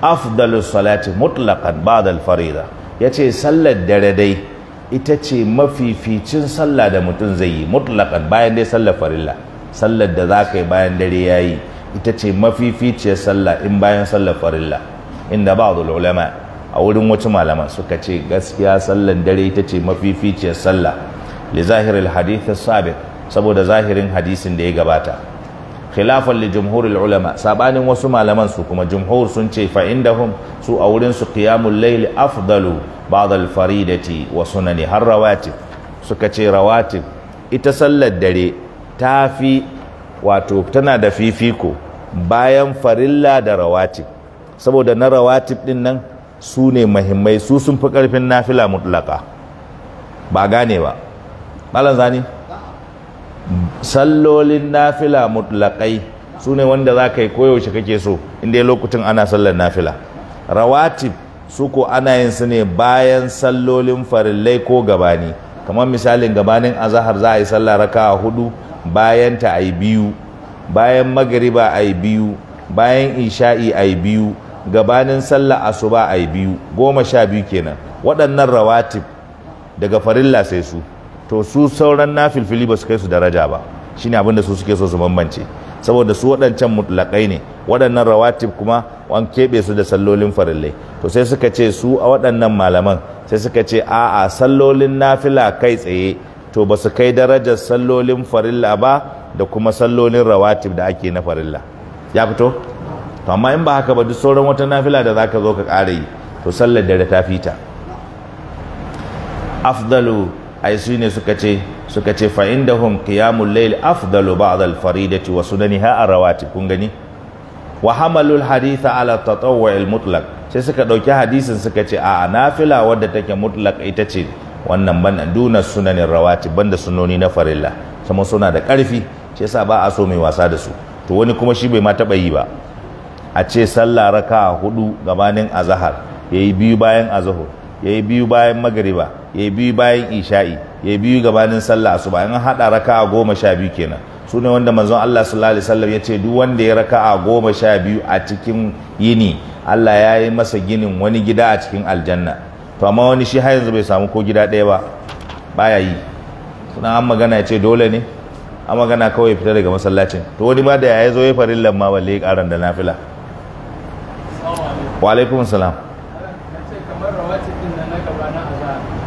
afdalu salati mutlaqan ba'da al-farida ya ce sallar dare dai ita ce mafificin sallah da mutum zai yi mutlaƙan bayan dai sallar farilla sallar da za ka yi bayan dare ya yi ita ce mafificiyar sallah in bayan sallar farilla inda ba ulama a wurin wacce malama suka ce gaskiya sallar dare ita ce mafificiyar sallah li zahirin hadith sabit saboda zahirin hadisin da ya gabata khilafan li jumhuril ulama sabanin wasu malaman su kuma jumhur sun ce fa indahum su a wurin su qiyamul layl afdalu ba'd al faridati wa sunani har rawatib suka ce rawatib ita sallar dare ta fi wato tana da fifiko bayan farilla da rawatib saboda na rawatib din nan su ne mahimmai su sun fi karfin nafila mutlaka ba gane ba malam zani sallolin nafila mutlaƙai su ne wanda za ka yi koyaushe kake so inda lokacin ana sallar nafila rawatib su ko ana yin su ne bayan sallolin farillai ko gabani kamar misalin gabanin azahar za a yi sallah raka a hudu bayan ta a biyu bayan magariba a biyu bayan isha'i a biyu gabanin sallah asuba a biyu goma sha biyu kenan waɗannan rawatib daga farilla sai su to su sauran na filfili ba su kai su daraja ba shine abin da su suke so su bambance saboda su waɗancan mutlaƙai ne waɗannan rawatib kuma an keɓe su da sallolin farillai to sai suka ce su a waɗannan malaman sai suka ce a'a sallolin nafila kai tsaye to ba su kai darajar sallolin farilla ba da kuma sallolin rawatib da ake na farilla ya fito to amma in ba haka ba duk sauran wata nafila da zaka zo ka ƙara yi to sallar dare ta fita afdalu ai su ne suka ce suka ce fa hun kiyamun lail afdalu faridati wa sunaniha arawati kun gani wa hamalul haditha ala tatawwu mutlaq sai suka dauki hadisin suka ce a nafila wadda take mutlaq ita ce wannan ban duna sunanin rawati banda sunoni na farilla kuma suna da karfi sai yasa ba a so mai wasa da su to wani kuma shi bai ma taba yi ba a ce sallah raka hudu gabanin azahar yayi biyu bayan azahar ya yi biyu bayan magariba ya yi biyu bayan isha'i ya yi biyu gabanin sallah asuba in haɗa a goma sha biyu kenan su ne wanda manzon Allah sallallahu alaihi wasallam ya ce duk wanda ya raka a goma sha biyu a cikin yini Allah ya yi masa ginin wani gida a cikin aljanna to amma wani shi har yanzu bai samu ko gida ɗaya ba baya yi suna an magana ya ce dole ne an magana kawai fita daga masallacin to wani ma da ya zo ya farin lamma balle ya karan da nafila wa alaikum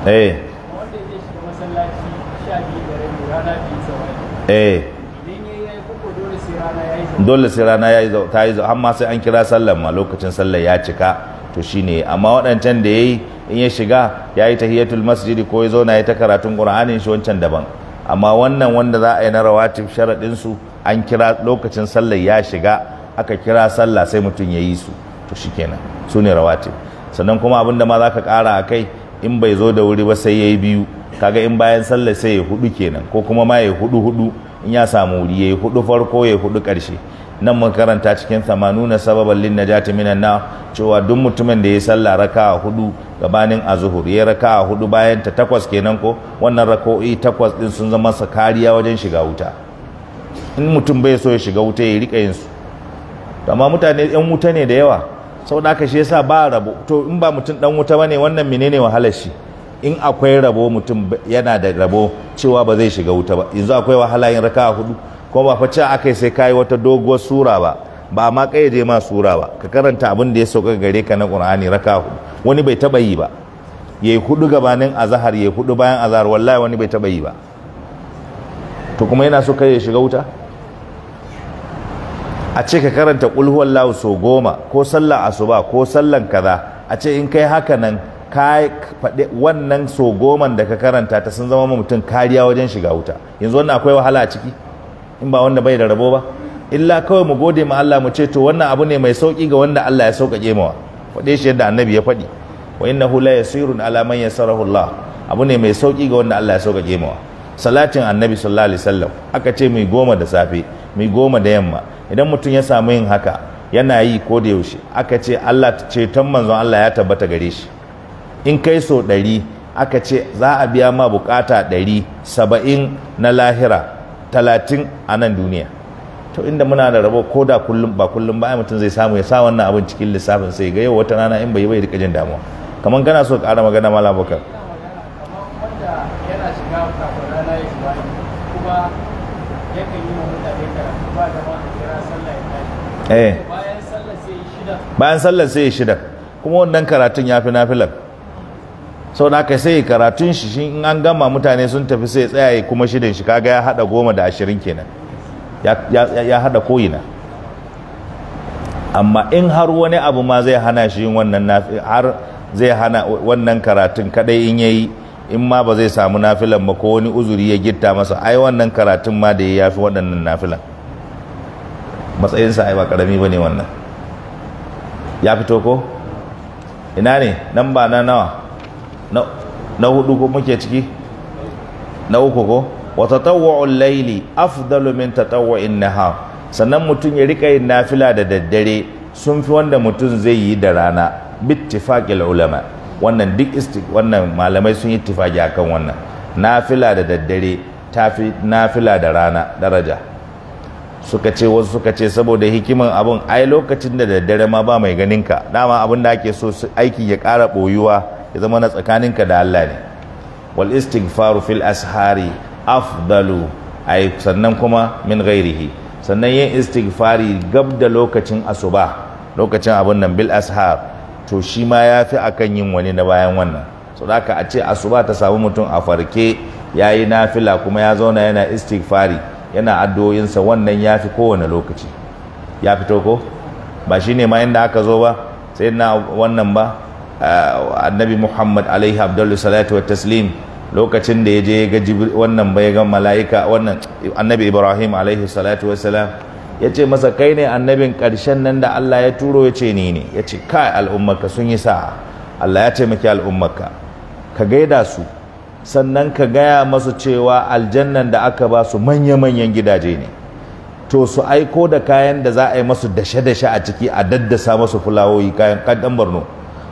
eh eh dole sai rana ya yi ta yi amma sai an kira sallar ma lokacin sallar ya cika to shine amma waɗancan da ya yi in ya shiga ya yi tahiyatul masjidi ko ya zauna ya ta karatun qur'anin shi wancan daban amma wannan wanda za a yi na rawatib sharaɗin su an kira lokacin sallar ya shiga aka kira sallah sai mutum ya yi su to shikenan su ne rawatib sannan kuma abin da ma za ka kara a kai in bai zo da wuri ba sai ya yi biyu kaga in bayan sallah sai ya hudu kenan ko kuma ma ya hudu hudu in ya samu wuri yi hudu farko ya hudu karshe nan mun karanta cikin na sababan lin najati minan na cewa duk mutumin da ya sallah a hudu gabanin azuhur ya a hudu bayan ta takwas kenan ko wannan rako'i takwas din sun zama sa kariya wajen shiga wuta in mutum bai so ya shiga wuta ya rika yin su amma mutane yan wuta ne da yawa da aka shi yasa ba rabo to in ba mutum dan wuta bane wannan menene wahalar shi in akwai rabo mutum yana da rabo cewa ba zai shiga wuta ba yanzu akwai wahala yin raka hudu kuma ba fa aka yi sai kayi wata doguwar sura ba ba ma je ma sura ba ka karanta abin da ya sauka gare ka na qur'ani raka hudu wani bai taba yi ba yayi hudu gabanin azhar yayi hudu bayan azhar wallahi wani bai taba yi ba to kuma yana so kai ya shiga wuta a ce ka karanta ƙulhuwar lahu so goma ko sallan asuba ko sallan kaza a ce in kai haka nan ka faɗi wannan so goman da ka karanta ta sun zama mutum kariya wajen shiga wuta yanzu wannan akwai wahala a ciki in ba wanda bai da rabo ba illa kawai mu gode ma Allah mu ce to wannan abu ne mai sauki ga wanda Allah ya sauƙaƙe mawa faɗe shi yadda annabi ya faɗi wa innahu la yasirun ala man yasarahu Allah abu ne mai sauki ga wanda Allah ya sauƙaƙe mawa salatin annabi sallallahu alaihi wasallam aka ce mai goma da safe mai goma da yamma idan mutum ya samu yin haka yana yi ko da yaushe aka ce Allah ceton manzon Allah ya tabbata gare shi in kai so ɗari aka ce za a biya ma bukata ɗari saba'in na lahira talatin a nan duniya to inda muna da rabo ko da kullum ba kullum ba mutum zai samu ya sa wannan abin cikin lissafin sai ga yau wata rana in bai bai rika jin damuwa kamar kana so kara magana malam bakar Eh. bayan sallar sai ya shida kuma wannan karatun ya fi nafilar sau da sai karatun shi shi in an gama mutane sun tafi sai tsaya kuma shidan shi kaga ya hada goma da ashirin kenan ya hada koyina amma in har wani abu ma zai hana shi yin wannan har zai hana wannan karatun kadai in yayi in ma ba zai samu nafilan ba ko wani uzuri ya gitta masa ai wannan karatun ma da ya fi waɗannan nafilan matsayinsa ai ba karami ba wannan ya fito ko ina ne nan ba na nawa na hudu ko muke ciki na uku ko wa tatawwa'ul layli afdalu min tatawwa'in nahar sannan mutum ya rika yin nafila da daddare sun fi wanda mutum zai yi da rana bittifaqil ulama wannan duk wannan malamai sun yi ittifaqi akan wannan nafila da daddare tafi nafila da rana daraja suka ce wasu suka ce saboda hikiman abin ai lokacin da daddare ma ba mai ganin ka dama abin da ake so aiki ya kara boyuwa ya zama na tsakaninka da Allah ne wal istighfaru fil ashari afdalu ai sannan kuma min ghairihi sannan yin istighfari gab da lokacin asuba lokacin abin nan bil ashar to shi ma ya fi akan yin wani na bayan wannan so a ce asuba ta samu mutum a farke ya yi nafila kuma ya zauna yana istighfari yana addu'o'insa wannan ya fi kowane lokaci ya fito ko ba shi ne ma inda aka zo ba sai na wannan ba eh, annabi muhammad alaihi abdullu salatu wa taslim lokacin da ya je ga wannan bai ga mala'ika wannan annabi ibrahim alaihi salatu wa salam ya ce masa kai ne annabin ƙarshen nan da allah ya turo ya ce ni ne ya ce kai al'ummarka sun yi sa'a allah ya taimaki al'ummarka ka gaida su sannan ka gaya masu cewa aljannan da aka ba su manya-manyan gidaje ne to su aiko da kayan da za a yi masu dashe-dashe a ciki a daddasa masu fulawoyi kayan kaddan barno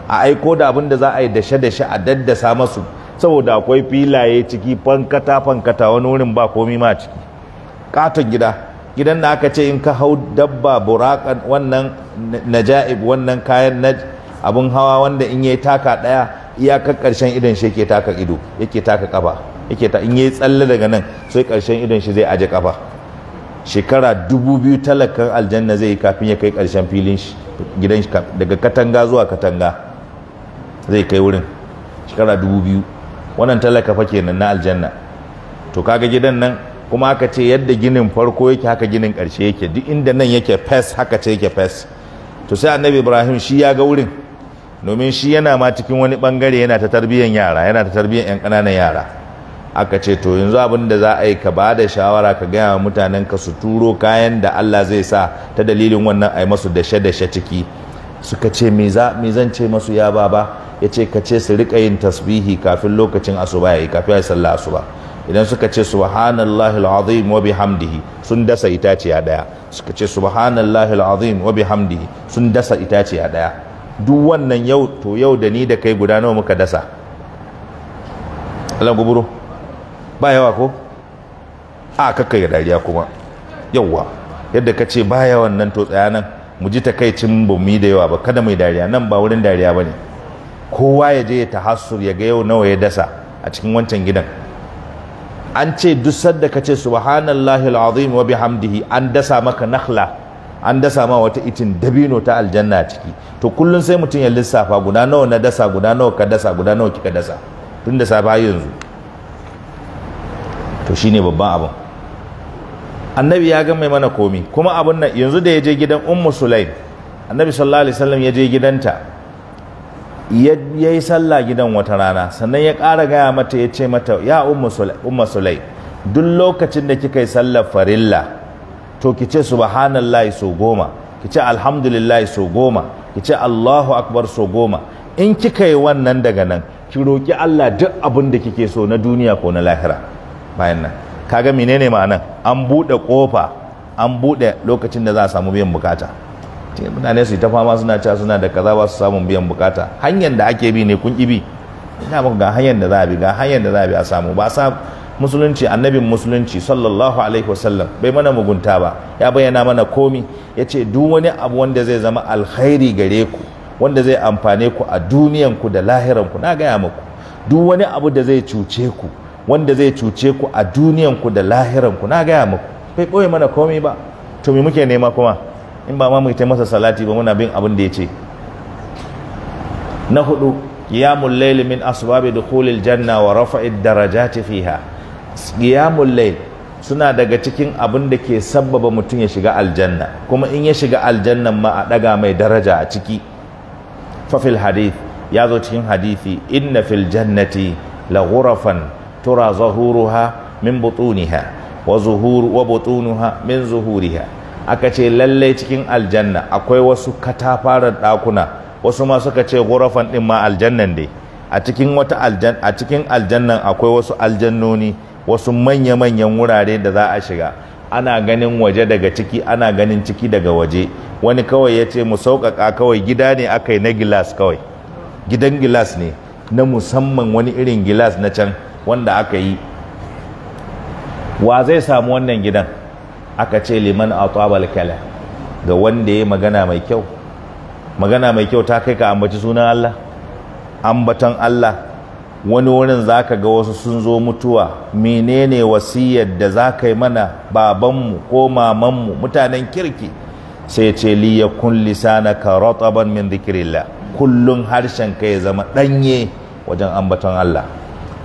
a aiko da abin da za a yi dashe-dashe a daddasa masu saboda akwai filaye ciki fankata-fankata wani wurin ba komi ma ciki katon gida gidan da aka ce in ka hau dabba burakan wannan naja'ib wannan kayan na. abun hawa wanda in yayi taka daya iyakar karshen idon shi yake taka ido yake taka kafa yake ta in yayi tsalle daga nan sai karshen idon shi zai aje kafa shekara dubu biyu talakan aljanna zai yi kafin ya kai karshen filin gidan shi daga katanga zuwa katanga zai kai wurin shekara dubu biyu wannan talaka fa kenan na aljanna to kaga gidan nan kuma aka ce yadda ginin farko yake haka ginin ƙarshe yake duk inda nan yake fes haka ce yake fes to sai annabi ibrahim shi ya ga wurin domin shi yana ma cikin wani bangare yana ta tarbiyyar yara yana ta tarbiyyar yan ƙananan yara aka ce to yanzu abin da za a yi ka ba da shawara ka gaya wa mutanen ka su turo kayan da Allah zai sa ta dalilin wannan a yi masu dashe dashe ciki suka ce me zan ce masu ya baba ya ce ka ce su rika yin tasbihi kafin lokacin asuba ya yi kafin ya sallah asuba idan suka ce subhanallahi alazim wa bihamdihi sun dasa itaciya daya suka ce subhanallahi alazim wa bihamdihi sun dasa itaciya daya duk wannan yau to yau da ni da kai guda nawa muka dasa Allah guburo ba yawa ko a kakkai ga dariya kuma yawa yadda ka ce ba yawan nan to tsaya nan mu ji takaicin ba da yawa ba kada mai dariya nan ba wurin dariya ba ne kowa ya je ya tahassur ya ga yau nawa ya dasa a cikin wancan gidan an ce duk sadda ka ce subhanallahi alazim wa bihamdihi an dasa maka nakhla an dasa ma wata itin dabino ta aljanna ciki to kullum sai mutum ya lissafa guda nawa na dasa guda nawa ka dasa guda nawa kika dasa tun da safa yanzu to shine babban abu annabi ya mai mana komi kuma abun nan yanzu da ya je gidan ummu sulaim annabi sallallahu alaihi wasallam ya je gidanta ya yi sallah gidan wata rana sannan ya ƙara gaya mata ya ce mata ya ummu sulaim duk lokacin da kika yi sallar farilla to ki ce subhanallahi so goma ki ce alhamdulillahi so goma ki ce allahu akbar so goma in kika yi wannan daga nan ki roƙi Allah duk abin da kike so na duniya ko na lahira bayan nan kaga menene ma'anan an buɗe ƙofa an buɗe lokacin da za a samu biyan bukata mutane su ta fama suna cewa suna da kaza ba su samun biyan bukata hanyar da ake bi ne kun ƙi bi ina maka ga hanyar da za a bi ga hanyar da za a bi a samu ba sa musulunci annabin musulunci sallallahu alaihi wasallam bai mana mugunta ba ya bayyana mana komi ya ce duk wani abu wanda zai zama alkhairi gare ku wanda zai amfane ku a duniyanku da lahiranku na gaya muku duk wani abu da zai cuce ku wanda zai cuce ku a duniyanku da lahiranku na gaya muku bai boye mana komi ba to me muke nema kuma in ba ma mu masa salati ba muna bin abin da ya ce na hudu ya layli min asbabi dukhulil janna wa rafa'id darajati fiha qiyamul layl suna daga cikin abin da ke sabbaba mutum ya shiga aljanna kuma in ya shiga aljannan ma a daga mai daraja a ciki fa fil hadith ya zo cikin hadithi inna fil jannati la ghurafan tura zahuruha min butuniha wa zuhuru wa butunuha min zuhuriha aka ce lallai cikin aljanna akwai wasu katafaran dakuna wasu ma suka ce ghurafan din ma aljannan dai a cikin wata aljan a cikin aljannan akwai wasu aljannoni wasu manya-manyan wurare da za a shiga ana ganin waje daga ciki ana ganin ciki daga waje wani kawai ya ce mu sauƙaƙa kawai gida ne aka yi na gilas kawai gidan gilas ne na musamman wani irin gilas na can wanda aka yi wa zai samu wannan gidan aka ce liman atabal kala ga wanda ya magana mai kyau magana mai kyau ta kai ka ambaci sunan Allah ambaton Allah wani wurin za ka ga wasu sun zo mutuwa menene wasiyar da zaka yi mana babanmu ko mamanmu mutanen kirki sai ce kun lisana ka rataban min dhikrillah Kullum harshen ka ya zama danye wajen ambaton Allah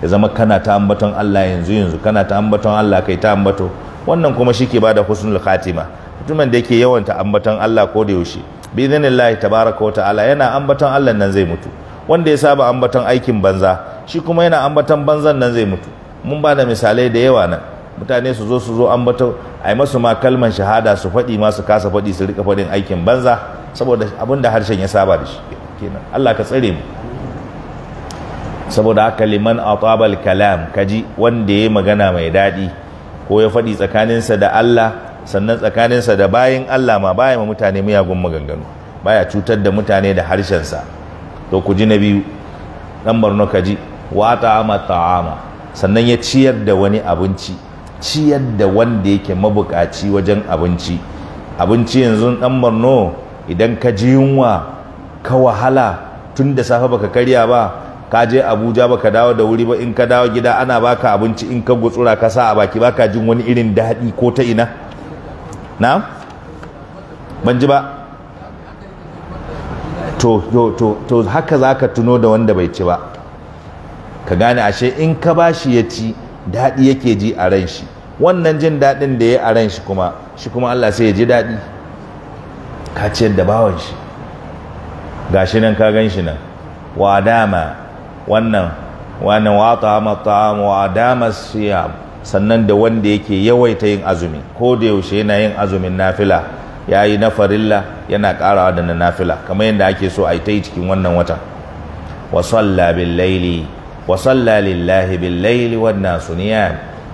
ya zama kana ta ambaton Allah yanzu yanzu kana ta ambaton Allah kai ta ambato wannan kuma shi ke bada husnul khatima mutumin da yake yawan ta ambaton Allah ko da yaushe bi idhnillahi tabaraka wa ta'ala yana ambaton Allah nan zai mutu wanda ya saba ambaton aikin banza shi kuma yana ambatan banzan nan zai mutu mun ba da misalai da yawa nan mutane su zo su zo ambato a yi masu ma kalman shahada su faɗi ma su kasa faɗi su rika faɗin aikin banza saboda abin da harshen ya saba da shi kenan Allah ka tsare mu saboda haka liman atabal kalam kaji wanda ya yi magana mai daɗi ko ya faɗi tsakaninsa da Allah sannan tsakaninsa da bayin Allah ma baya ma mutane miyagun maganganu baya cutar da mutane da harshensa to ku ji na biyu ɗan barno kaji wa ta'ama ta'ama sannan ya ciyar da wani abinci ciyar da wanda yake mabukaci wajen abinci abinci yanzu dan barno idan ka ji yunwa ka wahala tun da safe baka karya ba ka je Abuja baka dawo da wuri ba in ka dawo gida ana baka abinci in ka gutsura ka sa a baki baka jin wani irin daɗi ko ta ina na ban ji ba to to to haka zaka tuno da wanda bai ci ba ka gane ashe in ka bashi ya ci daɗi yake ji a ran shi wannan jin daɗin da ya a ran shi kuma shi kuma Allah sai ya ji daɗi ka ciyar da bawan shi Ga shi nan ka gan shi nan wa dama wannan wannan wa ta'ama wa dama siyam sannan da wanda yake yawaita yin azumi ko da yaushe yana yin azumin nafila ya yi na farilla yana karawa da na nafila kamar yadda ake so a yi ta yi cikin wannan watan wa salla bil laili wa salla lillahi bil wannan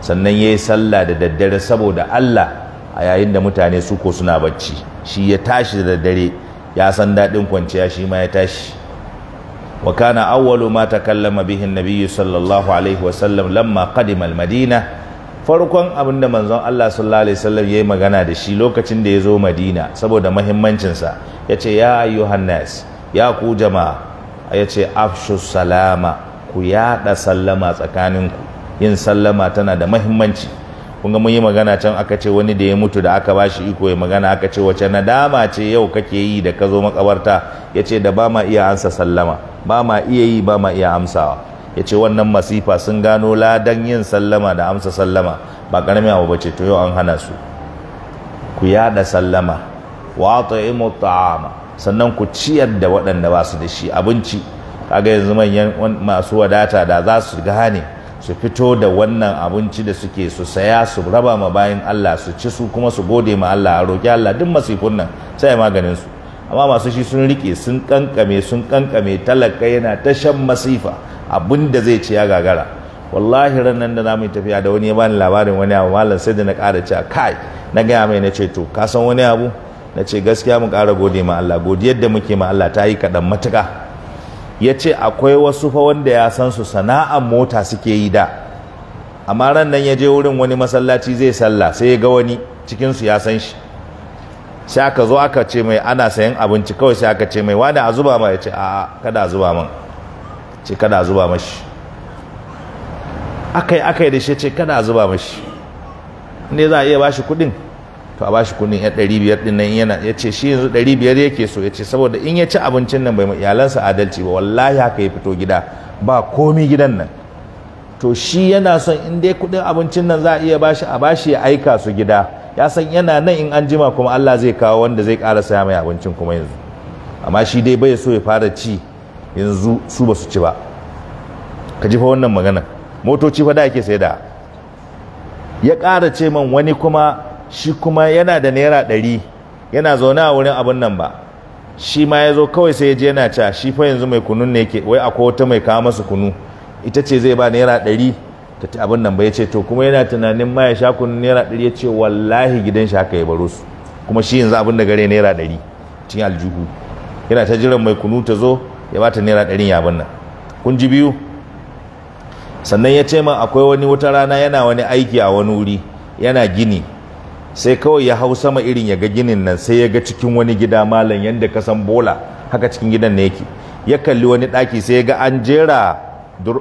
sannan yayi sallah da daddare saboda Allah a yayin da mutane su ko suna bacci shi ya tashi da daddare ya san daɗin kwanciya shi ma ya tashi wa kana awwalu ma takallama bihi an-nabiy sallallahu alaihi wa lamma qadima al-madina farkon abinda da manzon Allah sallallahu alaihi wasallam yayi magana da shi lokacin da ya zo Madina saboda muhimmancin sa yace ya ayyuhan ya ku jama'a yace afshu salama ku yaɗa sallama tsakaninku yin sallama tana da mahimmanci kun ga mun yi magana can aka ce wani da ya mutu da aka bashi iko ya magana aka ce wace nadama ce yau kake yi da ka zo makabarta ya ce da ba ma iya ansa sallama ba ma iya yi ba ma iya amsawa ya ce wannan masifa sun gano ladan yin sallama da amsa sallama ba karamin abu bace to yau an hana su ku yada sallama wa ta'imu ta'ama sannan ku ciyar da waɗanda ba su da shi abinci kaga yanzu manyan masu wadata da za su gane su fito da wannan abinci da suke su saya su raba ma bayan Allah su ci su kuma su gode ma Allah a roƙi Allah duk masifun nan sai maganin su amma masu shi sun rike sun kankame sun kankame talaka yana ta shan masifa abin zai ci ya gagara wallahi nan da zamu tafiya da wani ya bani labarin wani abu malam sai da na ƙara cewa kai na gaya mai na ce to ka san wani abu na ce gaskiya mu kara gode ma Allah godiyar da muke ma Allah ta yi kaɗan matuƙa ya ce akwai wasu fa wanda ya san su sana'an mota suke yi da amma ran nan ya je wurin wani masallaci zai sallah sai ya ga wani cikinsu ya san shi sai aka zo aka ce mai ana sayan abinci kawai sai aka ce mai wani a zuba ma ya ce a'a kada a zuba man ce kada a zuba mashi akai akai da shi ce kada a zuba mashi ne za a iya bashi kuɗin to a bashi kudin ya ɗari biyar ɗin nan yana ya ce shi yanzu ɗari biyar yake so ya ce saboda in ya ci abincin nan bai ma iyalansa adalci ba wallahi haka ya fito gida ba komi gidan nan to shi yana son in dai kudin abincin nan za a iya bashi a bashi ya aika su gida ya san yana nan in an jima kuma Allah zai kawo wanda zai ƙara saya mai abincin kuma yanzu amma shi dai bai so ya fara ci yanzu su ba su ci ba ka ji fa wannan magana motoci fa da ake sai da ya ƙara ce man wani kuma shi kuma yana da naira ɗari yana zaune a wurin abin nan ba shi ma ya zo kawai sai ya je yana ca shi fa yanzu mai kunun ne yake wai akwai wata mai kawo masa kunu ita ce zai ba naira ɗari ta abin nan ba ya ce to kuma yana tunanin ma ya sha kunun naira ɗari ya ce wallahi gidan shi haka ya baro su kuma shi yanzu abin da gare naira ɗari cikin aljihu yana ta jiran mai kunu ta zo ya ba ta naira ɗari ya abin nan kun ji biyu sannan ya ce ma akwai wani wata rana yana wani aiki a wani wuri yana gini sai kawai ya hau sama irin ya ga ginin nan sai ya ga cikin wani gida malam yadda ka san bola haka cikin gidan ne yake ya kalli wani daki sai ya ga an jera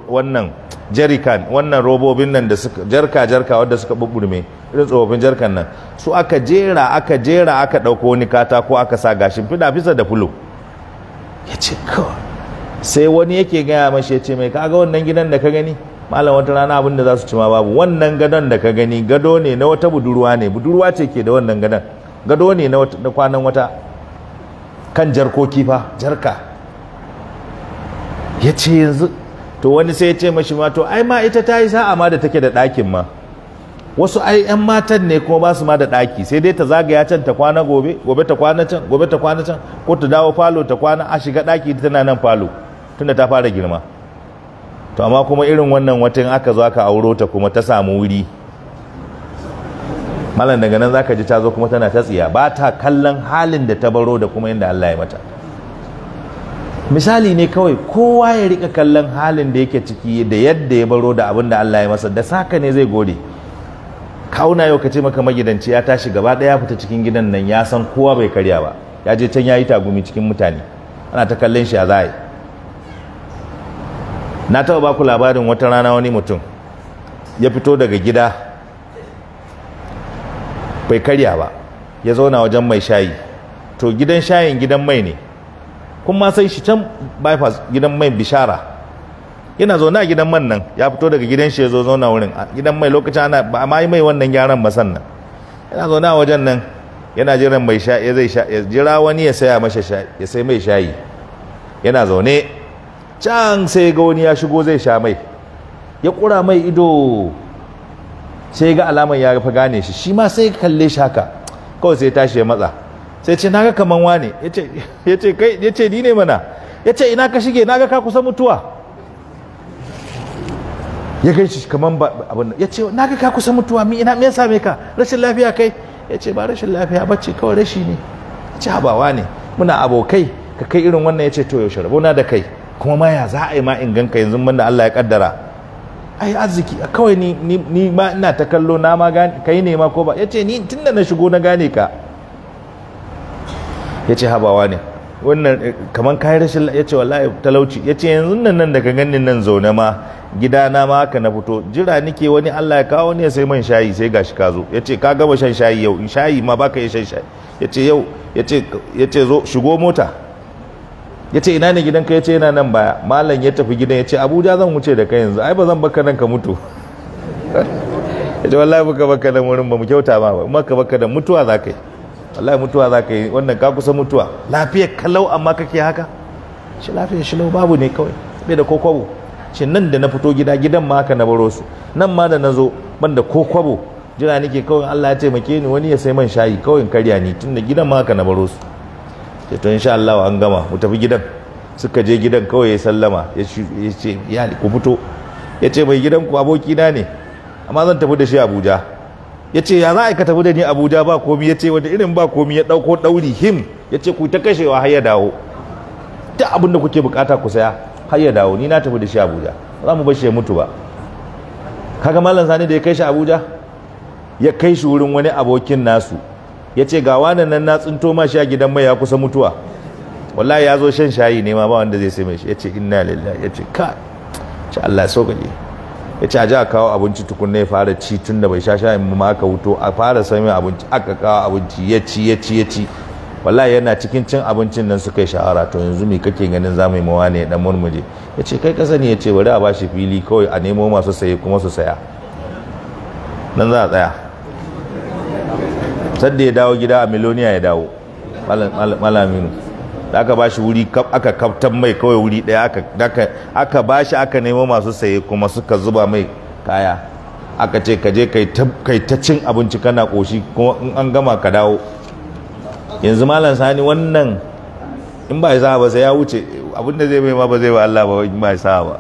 wannan jerikan wannan robobin nan da suka jarka jarka wadda suka bubburme irin tsofaffin jarkan nan su aka jera aka jera aka ɗauko wani katako aka sa gashin fida fisa da fulo ya ce kawai sai wani yake gaya mashi ya ce mai kaga wannan gidan da ka gani malam wata rana abin da za su ci ma babu wannan gadon da ka gani gado ne na wata budurwa ne budurwa ce ke da wannan gadon gado ne na kwanan wata kan jarkoki fa jarka ya ce yanzu to wani sai ya ce mashi ma to ai ma ita ta yi sa'a ma da take da ɗakin ma wasu ai 'yan matan ne kuma ba su ma da ɗaki sai dai ta zagaya can ta kwana gobe gobe ta kwana can gobe ta kwana can ko ta dawo falo ta kwana a shiga ɗaki tana nan falo tunda ta fara girma to amma kuma irin wannan wata aka zo aka auro ta kuma ta samu wuri malam daga nan zaka ji ta zo kuma tana ta tsiya ba ta kallon halin da ta baro da kuma yadda Allah ya mata misali ne kawai kowa ya rika kallon halin da yake ciki da yadda ya baro da abin da Allah ya masa da saka ne zai gode kauna yau ka ce maka magidanci ya tashi gaba daya fita cikin gidan nan ya san kowa bai karya ba ya je can ya yi tagumi cikin mutane ana ta kallon shi a zai na taɓa baku labarin wata rana wani mutum ya fito daga gida bai karya ba ya zauna wajen mai shayi to gidan shayin gidan mai ne kuma sai shi can bypass gidan mai bishara yana zaune a gidan man nan ya fito daga gidan shi ya zo zauna wurin gidan mai lokacin ana ba ma yi mai wannan gyaran ba sannan yana zaune a wajen nan yana jiran mai sha ya zai ya jira wani ya saya masa ya sai mai shayi yana zaune can sai ga wani ya shigo zai sha mai ya ƙura mai ido sai ga alamar ya rufa gane shi shi ma sai kalle shi haka kawai sai tashi ya matsa sai ce naga kaman wane ce kai ce ni ne mana Ya ce ina ka shige naga ka kusa mutuwa ya kai shi kaman abin yace naga ka kusa mutuwa mi ina me ya same ka rashin lafiya kai Ya ce ba rashin lafiya ba ce kawai rashi ne Ya ce abawa ne muna abokai ka kai irin wannan ce to yaushe rabona da kai kuma ma ya za a yi ma in ganka yanzu da Allah ya kaddara ai arziki kawai ni ni ma ina ta kallo na ma gani kai ne ma ko ba yace ni tunda na shigo na gane ka yace habawa ne wannan eh, kamar kai rashin yace wallahi talauci yace yanzu nan nan daga ganin nan zaune ma gidana ma haka na fito jira nike wani Allah ya kawo ne sai man shayi sai gashi ka zo yace ka gama shan shayi yau shayi ma baka yi shan shayi yace yau yace yace zo shigo mota ya ce ina ne gidanka ya ce yana nan baya malam ya tafi gidan ya ce abuja zan wuce da kai yanzu ai ba zan baka nan ka mutu ya ce wallahi baka baka nan wurin ba mu kyauta ma ba kuma ka baka da mutuwa za ka yi wallahi mutuwa za ka yi wannan ka kusa mutuwa lafiyar kalau amma kake haka shi lafiyar shi lau babu ne kawai bai da kokwabo shi nan da na fito gida gidan ma haka na baro su nan ma da na zo ban da kokwabo jira nake kawai Allah ya taimake ni wani ya sai man shayi kawai in karya ni tunda gidan ma haka na baro su ya to insha Allah an gama mu tafi gidan suka je gidan kawai ya sallama ya ce ya ku fito ya ce mai gidan ku abokina ne amma zan tafi da shi Abuja ya ce ya za a ka tafi da ni Abuja ba komi ya ce wanda irin ba komi ya ɗauko dauri him ya ce ku ta kashewa har ya dawo duk abin da kuke bukata ku saya har ya dawo ni na tafi da shi Abuja za mu bashi ya mutu ba kaga mallan sani da ya kai shi Abuja ya kai shi wurin wani abokin nasu ya ce ga wanan nan na tsinto ma shi a gidan mai ya kusa mutuwa wallahi ya zo shan shayi ne ma ba wanda zai sai mai shi ya ce inna lillahi ya ce ka ce Allah ya sauƙaƙe ya ce a ji a kawo abinci tukunna ya fara ci tun da bai sha shayin mu ma aka wuto a fara sami abinci aka kawo abinci ya ci ya ci ya ci wallahi yana cikin cin abincin nan suka yi shahara to yanzu me kake ganin za mu yi mawa ne dan murmuje ya ce kai kasa ne ya ce bari a bashi fili kawai a nemo masu saye kuma su saya nan za a tsaya sadda ya dawo gida a miloniya ya dawo malaminu da aka bashi wuri aka kaftan mai kawai wuri daya aka bashi aka nemo masu saye kuma suka zuba mai kaya aka ce ka kai ta cin abinci kana koshi kuma in an gama ka dawo yanzu malam sani wannan in ba ya sa ba sai ya wuce abinda zai mai ma ba zai ba Allah ba in ba ya sa ba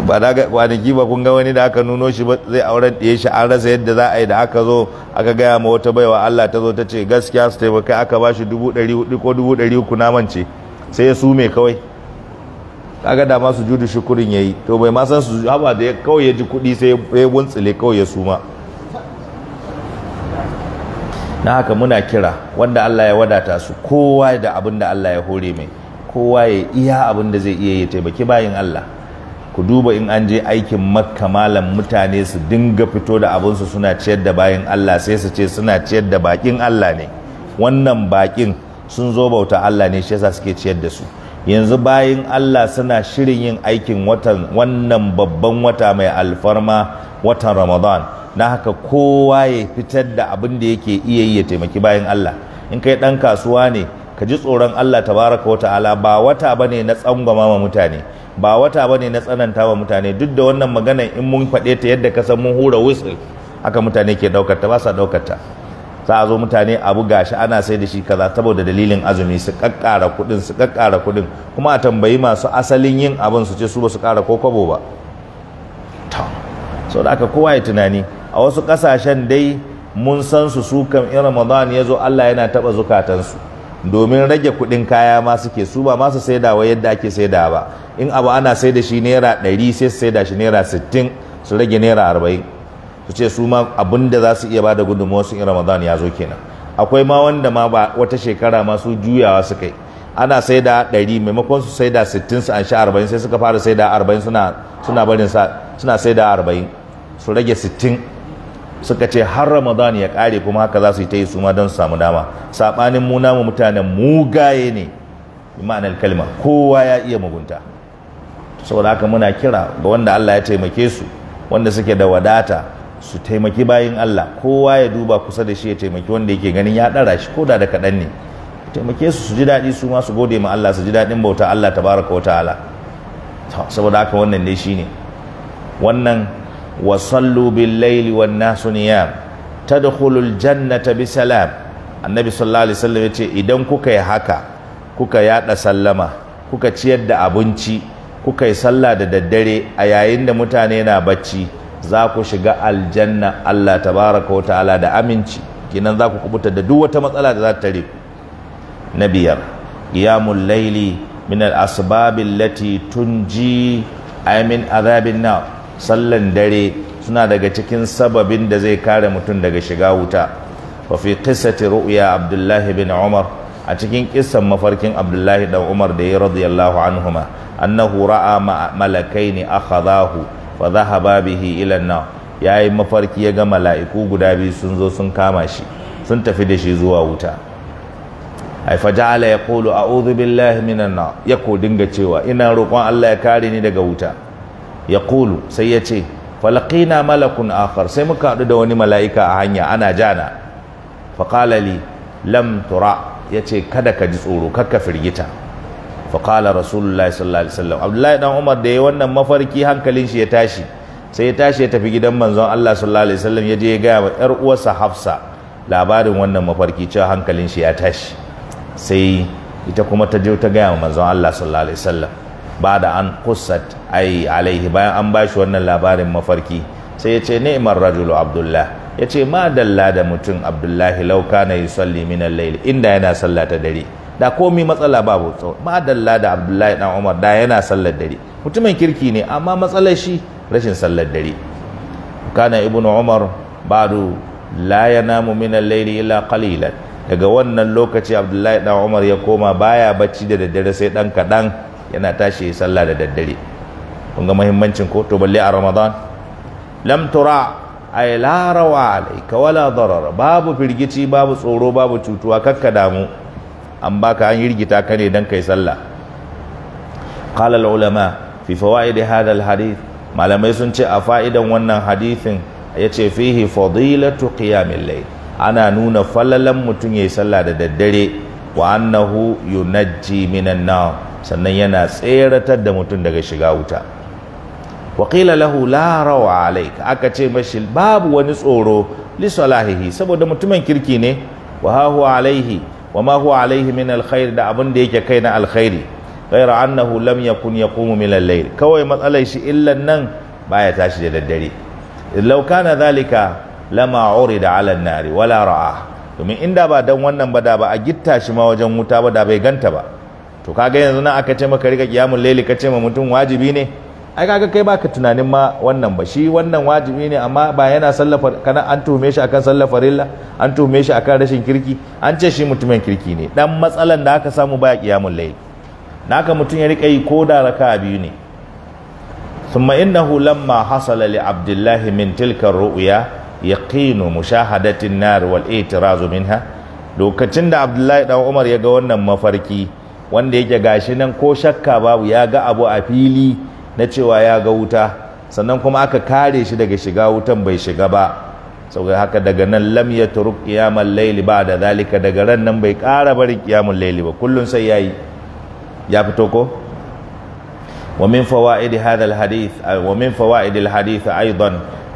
ba ga kwanaki ba kun ga wani da aka nuno shi zai auren ɗaya shi an rasa yadda za a yi da aka zo aka gaya ma wata baiwa Allah ta zo ta ce gaskiya su taimaka aka ba shi dubu ko dubu ɗari uku ce sai ya sume kawai kaga da masu judu shukurin ya yi to bai ma san su haba da kawai ya ji kuɗi sai ya wuntsile kawai ya suma na haka muna kira wanda Allah ya wadata su kowa da abin da Allah ya hore mai kowa ya iya abin da zai iya ya taimaki bayin Allah ku duba in an je aikin makka malam mutane su dinga fito da abinsu suna ciyar da bayan Allah sai su ce suna ciyar da bakin Allah ne wannan bakin sun zo bauta Allah ne shi yasa suke ciyar da su yanzu bayan Allah suna shirin yin aikin watan wannan babban wata mai alfarma watan Ramadan na haka kowa ya fitar da abin da yake iya yi ya taimaki bayan Allah in kai dan kasuwa ne ka ji tsoron Allah ta tabaraka wa ta'ala ba wata bane na tsangwama ma mutane ba wata bane na tsananta wa mutane duk da wannan magana in mun faɗe ta yadda ka san mun hura whistle haka mutane ke daukar ta ba sa daukar ta za a zo mutane abu gashi ana sai da shi kaza saboda dalilin azumi su kakkara kuɗin su kakkara kuɗin kuma a tambayi masu asalin yin abin su ce su ba su kara ko kwabo ba so da aka kowa ya tunani a wasu kasashen dai mun san su su kam in ramadan ya zo allah yana taɓa zukatansu domin rage kudin kaya ma suke su ba masu saidawa yadda ake saida ba in abu ana saida shi naira 100 sai su saida shi naira sittin su rage naira arba'in su ce su ma abin da za su iya ba da gudunmawa su in ramadan ya zo kenan akwai ma wanda ma ba wata shekara ma su juyawa su kai ana saida 100 maimakon su saida sittin su an sha arba'in sai suka fara saida arba'in suna suna barin sa suna saida arba'in su rage sittin suka ce har ramadan ya kare kuma haka za su yi ta yi su ma don samu dama saɓanin mu namu mutanen mugaye ne ma'anar kalma kowa ya iya mugunta saboda haka muna kira ga wanda Allah ya taimake su wanda suke da wadata su taimaki bayin Allah kowa ya duba kusa da shi ya taimaki wanda yake ganin ya ɗara shi ko da da kaɗan ne taimake su su ji daɗi su ma su gode ma Allah su ji daɗin bauta Allah tabaraka wa ta'ala saboda haka wannan ne shine wannan wa sallu bil laili ta nasu niyam janna ta bi salam annabi sallallahu alaihi wasallam yace idan kuka yi haka kuka yada sallama kuka ciyar da abinci kuka yi sallah da daddare a yayin da mutane na bacci za ku shiga aljanna Allah tabaraka wa ta'ala da aminci kinan za ku kubuta da duk wata matsala da za ta tare na biyar qiyamul laili min al lati tun ji a yamin azabin nar sallan dare suna daga cikin sababin da zai kare mutum daga shiga wuta wa fi qissati ru'ya abdullah bin umar a cikin kissan mafarkin abdullahi dan umar da ya radiyallahu anhuma annahu ra'a malakaini akhadahu wa dhahaba bihi ila an yayi mafarki ya ga mala'iku guda biyu sun zo sun kama shi sun tafi da shi zuwa wuta ai ja'ala yaqulu a'udhu billahi minan nar yako dinga cewa ina roƙon Allah ya kare ni daga wuta yaqulu sai ya ce na malakun akhar sai muka haɗu da wani mala'ika a hanya ana jana faqala li lam tura yace kada ka ji tsoro kakka firgita faqala rasulullahi sallallahu alaihi wasallam abdullahi dan umar da ya wannan mafarki hankalin shi ya tashi sai ya tashi ya tafi gidan manzon Allah sallallahu alaihi wasallam ya je ya gaya wa yar uwarsa Hafsa labarin wannan mafarki cewa hankalin shi ya tashi sai ita kuma ta je ta wa manzon Allah sallallahu alaihi wasallam Bada an kusat ai alaihi bayan an bashi wannan labarin mafarki sai yace ce ni'mar rajulu abdullah ya ce ma dalla da mutum abdullahi lauka na yi salli min al inda yana sallah ta dare da komi matsala babu ma dalla da abdullahi dan umar da yana sallar dare mutumin kirki ne amma matsalar shi rashin sallar dare kana ibnu umar ba'du la yanamu min al illa qalilan daga wannan lokaci abdullahi dan umar ya koma baya bacci da daddare sai dan kadan yana tashi sallah da daddare kun ga muhimmancin ko to balle a ramadan lam tura ay la rawa alayka wala darar babu firgici babu tsoro babu cutuwa kakka damu an baka an yirgita ka ne dan kai sallah qala al ulama fi fawaid hadha al hadith malamai sun ce a fa'idan wannan hadithin yace fihi fadilatu qiyamil layl ana nuna falalan mutum yayi sallah da daddare wa annahu yunajji minan nar sannan yana tseratar da mutum daga shiga wuta wa qila lahu la rawa aka ce mashi babu wani tsoro li salahihi saboda mutumin kirki ne wa ha huwa alaihi wa ma huwa alaihi min alkhair da abin da yake kai na alkhairi ghaira annahu lam yakun yaqumu min al-layl kawai matsalar shi illan nan baya tashi da daddare Ilaukana zalika dhalika lama urida ala an-nari wala ra'a domin inda ba dan wannan ba da ba a gitta shi ma wajen wuta ba da bai ganta ba to kaga yanzu nan aka ce maka rika kiyamul laili ka ce ma mutum wajibi ne ai kaga kai baka tunanin ma wannan ba shi wannan wajibi ne amma ba yana sallafa kana an tuhume shi akan sallafa rilla an tuhume shi akan rashin kirki an ce shi mutumin kirki ne dan matsalan da aka samu baya kiyamul layl naka mutum ya rika yi ko da raka biyu ne thumma innahu lamma hasala li abdullahi min tilka ru'ya yaqinu mushahadatin nar wal i'tirazu minha lokacin da Abdullahi dan Umar ya ga wannan mafarki wanda yake gashi nan ko shakka babu ya ga abu a fili na cewa ya ga wuta sannan kuma aka kare shi daga shiga wutan bai shiga ba saboda haka daga nan lam yatruk qiyamal layli ba da zalika daga ran nan bai ƙara bari qiyamul layl ba kullun sai yayi ya fito ko wa min fawaid hadha al hadith wa min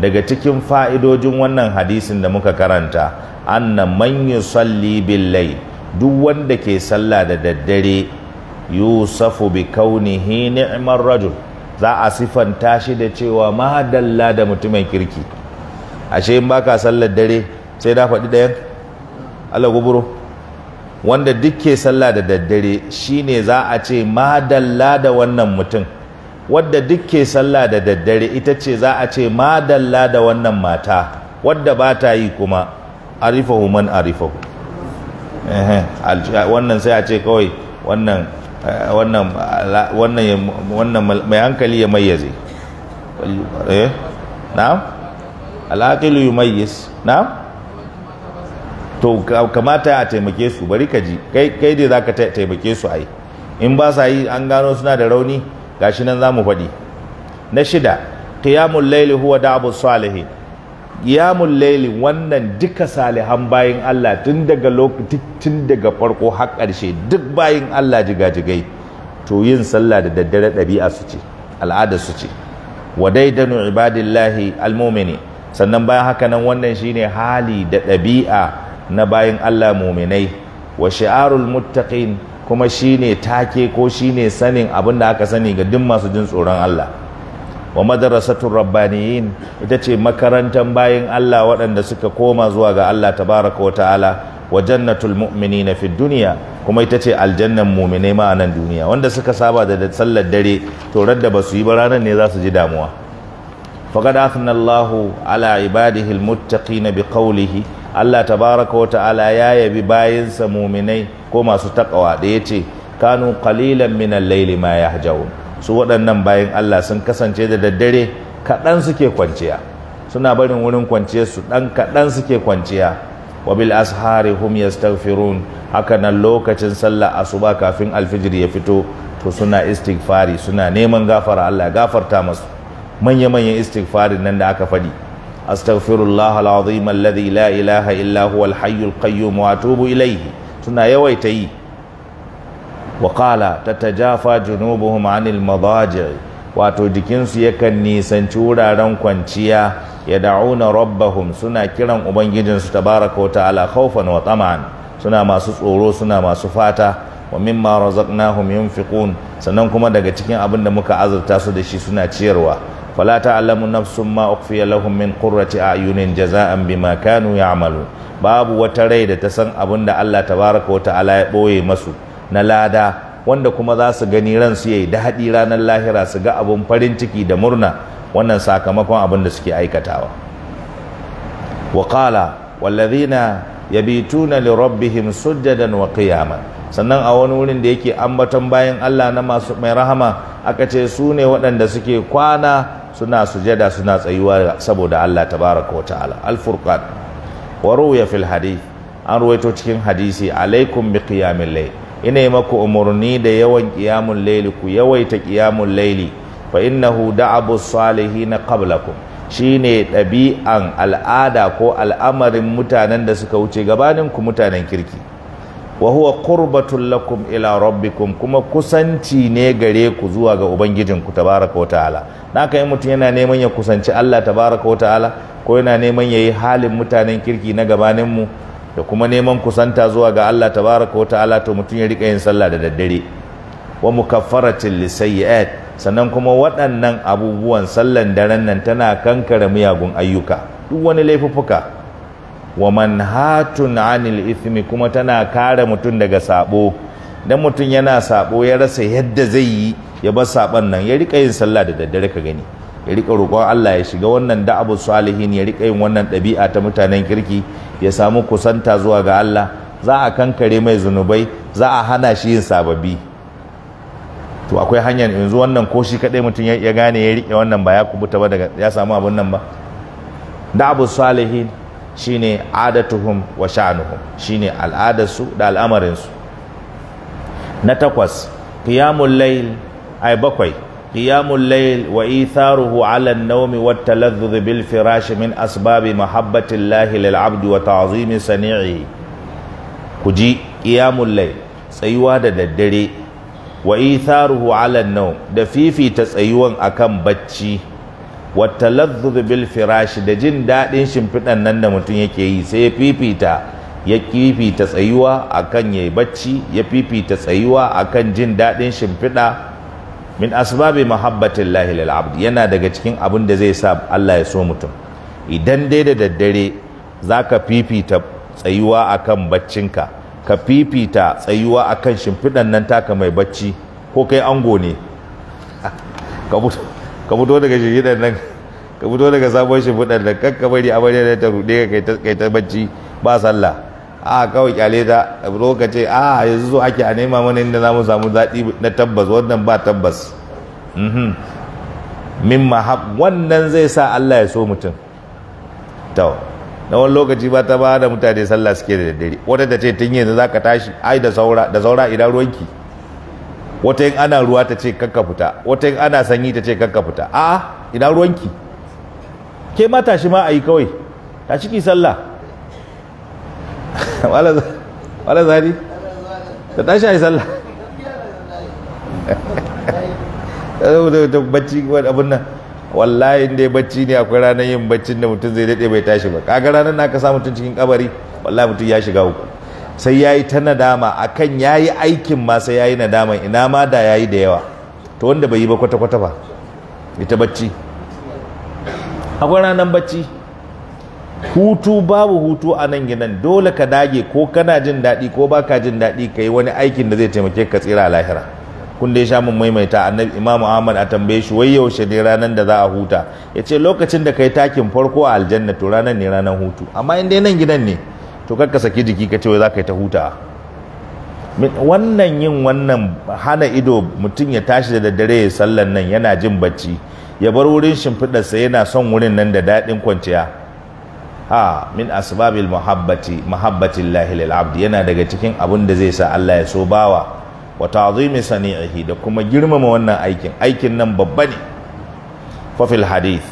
daga cikin fa'idojin wannan hadisin da muka karanta anna manyan yusalli billai duk wanda ke sallah da daddare yusufu bi kaunihi ni'mar rajul za a sifanta shi da cewa mahadalla da mutumin kirki ashe in ka sallar dare sai na faɗi ɗayan ala guburo wanda duk ke sallah da daddare shine za a ce mahadalla da wannan mutum wadda dukke sallah da daddare ita ce za a ce madalla da wannan mata wadda ba ta yi kuma arifahu man arifahu wannan sai a ce kawai wannan eh, wannan wannan mai hankali ya mayyaze eh al'aƙilu yi yumayyiz na'am to kamata a taimake su bari ka ji kai dai za ka taimake su ai in ba sa yi an gano suna da rauni gashi nan zamu faɗi na shida qiyamul layli huwa da'bu salihin qiyamul layli wannan duka salihan bayin Allah tun daga lokaci tun daga farko har ƙarshe duk bayin Allah jigajigai to yin sallah da daddare ɗabi'a su ce al'ada su ce wadaidanu ibadillahi almu'mini sannan bayan haka nan wannan shine hali da ɗabi'a na bayin Allah mu'minai wa shi'arul muttaqin kuma shi ne take ko shi ne sanin abin da aka sani ga duk masu jin tsoron Allah wa madrasatul rabbaniyin ita ce makarantar bayan Allah waɗanda suka koma zuwa ga Allah tabaraka wa ta'ala wa jannatul mu'minina fi duniya kuma ita ce aljannan mu'mine ma nan duniya wanda suka saba da sallar dare to radda ba su yi ba ranar ne za su ji damuwa faqad athna Allahu ala ibadihi almuttaqina biqawlihi Allah tabaraka wa ta'ala ya yabi bayinsa muminai ko masu takawa da ya ce kanu qalilan min al-layli ma yahjaun su waɗannan bayin Allah sun kasance da daddare kaɗan suke kwanciya suna barin wurin kwanciyar su ɗan kaɗan suke kwanciya wa bil ashari hum yastaghfirun haka nan lokacin sallah asuba kafin alfijir ya fito to suna istighfari suna neman gafara Allah gafarta masu manya-manyan istighfarin nan da aka faɗi أستغفر الله العظيم الذي لا إله إلا هو الحي القيوم وأتوب إليه تنا ta وقال تتجافى جنوبهم عن wato jikinsu yakan nisanci wuraren kwanciya ya da'una rabbahum suna kiran ubangijinsu tabaraka wa ta'ala khawfan wa suna masu tsoro suna masu fata wa mimma razaqnahum yunfiqun sannan kuma daga cikin abin da muka azurta su da shi suna ciyarwa wala alamu nafsun ma ukhfiya lahum min a bi jaza'an bima ya ya'malu babu wata rai da ta san abin da Allah ta tabaraka wata ala ya boye masu na lada wanda kuma za su gani ransu yayi haɗi ranar lahira su ga abun farin ciki da murna wannan sakamakon abin da suke aikatawa wa qala wallazina yabituna li rabbihim sujjadan wa sannan a wani wurin da yake ambaton bayan Allah na masu mai rahama aka ce su ne waɗanda suke kwana suna sujada suna tsayuwa saboda Allah tabaraka wa ta'ala al-furqan wa ruya fil hadith an ruwaito cikin hadisi alaikum bi qiyamil layl ina yi maku umarni da yawan qiyamul layl ku yawaita qiyamul layl fa innahu da'abu salihin qablakum shine ɗabi'an al'ada ko al'amarin mutanen da suka wuce gabanin ku mutanen kirki wa huwa qurbatul lakum ila rabbikum kuma kusanci ne gare ku zuwa ga ubangijinku tabaraka wa ta'ala naka in mutum yana neman ya kusanci Allah tabaraka wa ta'ala ko yana neman yayi halin mutanen kirki na gabanin mu da kuma neman kusanta zuwa ga Allah tabaraka wa ta'ala to mutum ya rika yin sallah da daddare wa mukaffaratil lisayyi'at sannan kuma waɗannan abubuwan sallan daren nan tana kankare miyagun ayyuka duk wani laifuffuka wa manhatun anil ithmi kuma tana kare mutum daga sabo dan mutum yana sabo ya rasa yadda zai yi ya bar saban nan ya rika yin sallah da daddare ka gani ya rika roƙon Allah ya shiga wannan da'abu salihin ya rika yin wannan ɗabi'a ta mutanen kirki ya samu kusanta zuwa ga Allah za a kankare mai zunubai za a hana shi yin sababi to akwai hanyar yanzu wannan ko shi kaɗai mutum ya gane ya rike wannan ba ya kubuta ba daga ya samu abun nan ba abu salihin shine adatuhum wa sha'nuhum shine al'adarsu da al'amarinsu na takwas qiyamul layl ay bakwai qiyamul layl wa itharuhu 'ala an-nawm wa at-taladdudh bil firash min asbabi mahabbati llahi lil 'abdi wa ta'zimi sani'i kuji qiyamul layl tsayuwa da daddare wa itharuhu 'ala an-nawm da fifita tsayuwan akan bacci wata bil firashi da jin daɗin shimfiɗan nan da mutum yake yi sai ya fifita ya fifita tsayuwa akan yayi bacci ya fifita tsayuwa akan jin daɗin shimfiɗa min asbabi mahabbatin lil abdi yana daga cikin abin da zai sa Allah ya so mutum idan dai da daddare zaka fifita tsayuwa kan baccinka ka fifita tsayuwa kan shimfiɗan nan taka mai bacci ko kai ango ne ka ka fito daga shi nan ka fito daga sabon shi fudan nan kakka bari amarya da ta rude ka kai ta bacci ba sallah a kawai kyale ta zo ka ce a yanzu zo ake a nema mana inda za mu samu daɗi na tabbas wannan ba tabbas mhm. min mahab wannan zai sa Allah ya so mutum to na wani lokaci ba ta ba da mutane sallah suke da daddare wata ta ce tun yanzu za ka tashi ai da saura da saura idan ruwanki wata yin ana ruwa ta ce kanka fita wata yin ana sanyi ta ce kanka fita a ina ruwanki ke ma tashi ma a yi kawai ta ciki sallah wala zari ta tashi a yi sallah da bacci abin nan wallahi inda ya bacci ne akwai ranar yin baccin da mutum zai daɗe bai tashi ba kaga ranar na ka sa mutum cikin kabari wallahi mutum ya shiga uku sai ya yi ta nadama a kan ya yi aikin ma sai ya yi nadama ina ma da ya yi da yawa to wanda bai yi ba kwata-kwata ba ita bacci akwai ranar bacci hutu babu hutu a nan gidan dole ka dage ko kana jin daɗi ko baka jin daɗi ka yi wani aikin da zai taimake ka tsira lahira Kunda ya sha mun maimaita annabi imam ahmad a tambaye shi wai yaushe ne ranar da za a huta ya ce lokacin da ka yi takin farko a aljanna to ranar ne ranar hutu amma in dai nan gidan ne to ka saki jiki ka ce wai za ka yi ta huta wannan yin wannan hana ido mutum ya tashi da daddare ya sallan nan yana jin bacci ya bar wurin shimfiɗarsa yana son wurin nan da daɗin kwanciya ha min asbabil muhabbati muhabbatin lahilil abdi yana daga cikin abin da zai sa Allah ya so bawa wa ta'zimi sani'ihi da kuma girmama wannan aikin aikin nan babba ne fa fil hadith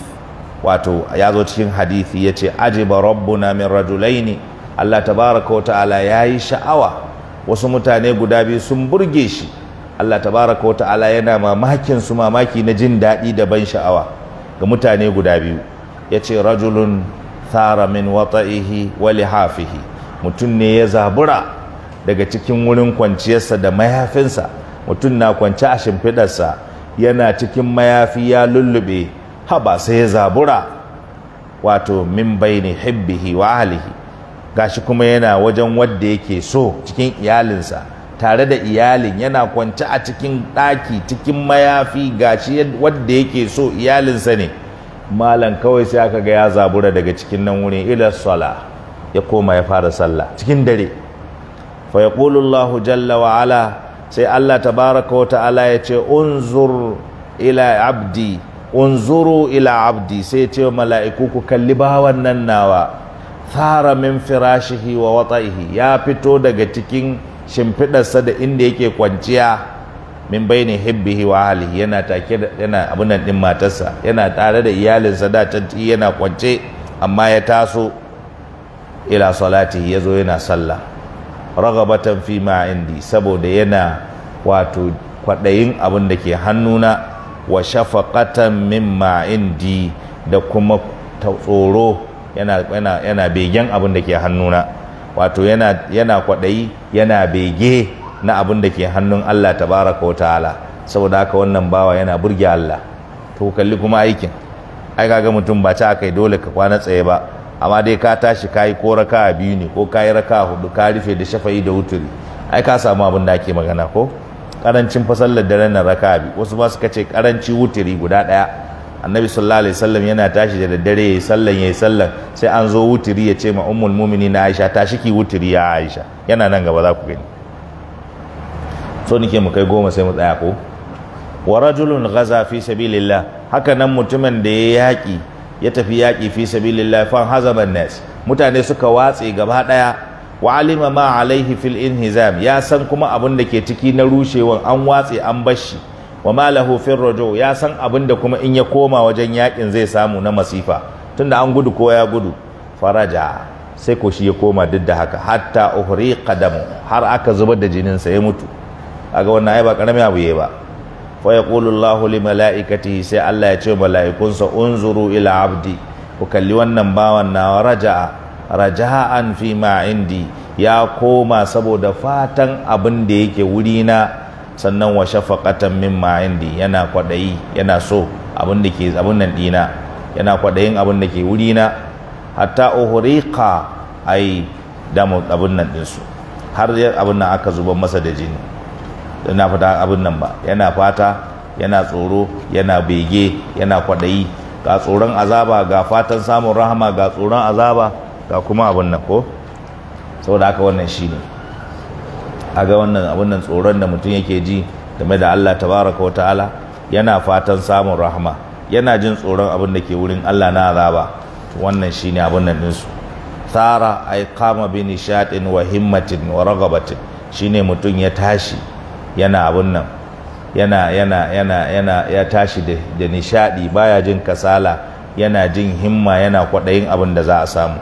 wato ya zo cikin hadisi yace ajiba rabbuna min rajulaini Allah tabaraka wa ta'ala ya yi sha'awa wasu mutane guda biyu sun burge shi Allah tabaraka wa ta'ala yana mamakin su mamaki na jin daɗi da ban sha'awa ga mutane guda biyu ya ce rajulun thara min wata'ihi wa lihafihi mutum ne ya zabura daga cikin wurin kwanciyarsa da mayafinsa mutum na kwance a shimfiɗarsa yana cikin mayafi ya lullube haba sai ya zabura wato min baini hibbihi wa ahlihi gashi kuma yana wajen wadda yake so cikin iyalinsa tare da iyalin yana kwance a cikin ɗaki cikin mayafi gashi wadda yake so iyalinsa ne malam kawai sai aka ga ya zabura daga cikin nan wurin ila sala ya koma ya fara sallah cikin dare fa yaqulu Allahu jalla wa ala sai Allah tabaraka wa ta'ala ya ce unzur ila abdi unzuru ila abdi sai ya ce mala'iku ku kalli bawan nan nawa fara min firashihi wa wata'ihi ya fito daga cikin shimfiɗarsa da inda yake kwanciya min baini hibbihi wa ahlihi yana take da yana abunan ɗin din matarsa yana tare da iyalinsa da canci yana kwance amma ya taso ila ya zo yana sallah ragabatan fi ma indi saboda yana wato kwaɗayin abin da ke hannuna wa shafaqatan ma indi da kuma tsoro yana yana begen abin da ke hannuna wato yana kwaɗayi yana bege na abin da ke hannun Allah tabaraka wa ta'ala saboda haka wannan bawa yana burge Allah to kalli kuma aikin ai kaga mutum ba ta kai dole ka kwana tsaye ba amma dai ka tashi kayi ko raka biyu ne ko kayi raka hudu ka rufe da shafa'i da wuturi ai ka samu abin da ake magana ko karancin fasallar dare na raka biyu wasu ba suka ce karanci wuturi guda daya annabi sallallahu alaihi wasallam yana tashi da daddare yayi sallan yayi sallan sai an zo wutiri ya ce ma ummul na Aisha tashi ki wutiri ya Aisha yana nan gaba za ku gani so nike mu kai goma sai mu tsaya ko wa rajulun ghaza fi sabilillah haka nan mutumin da ya yaki ya tafi yaki fi sabilillah fa hazaban nas mutane suka watse gaba daya wa alima ma alaihi fil inhizam ya san kuma abin da ke ciki na rushewan an watse an bashi wa malahu lahu ya san abin da kuma in ya koma wajen yakin zai samu na masifa tunda an gudu ko ya gudu faraja sai ko shi ya koma duk da haka hatta uhri kadamu har aka zubar da jinin sa ya mutu aga wannan ai ba karami abu yayi ba fa yaqulu Allahu li malaikatihi sai Allah ya ce malaikunsa unzuru ila abdi ku kalli wannan bawan nawa raja raja'an fi ma indi ya koma saboda fatan abin da yake wuri na sannan wa shafaqatan mimma indi yana kwadayi yana so abin da ke abin nan dina yana kwadayin abin da ke wuri na hatta uhriqa ai damu abin nan su har abin nan aka zuba masa da jini ina fata abin nan ba yana fata yana tsoro yana bege yana kwadayi ga tsoron azaba ga fatan samun rahama ga tsoron azaba ga kuma abin nan ko saboda haka wannan shine a ga wannan abun nan tsoron da mutum yake ji game da Allah tabaraka ta'ala yana fatan samun rahama yana jin tsoron abin da ke wurin Allah na azaba wannan shine abun nan dinsu tsara yi kama bi nishadin wa himmatin wa ragabatin shine mutum ya tashi yana abin nan yana yana yana yana ya tashi da nishadi baya jin kasala yana jin himma yana kwaɗayin abin da za a samu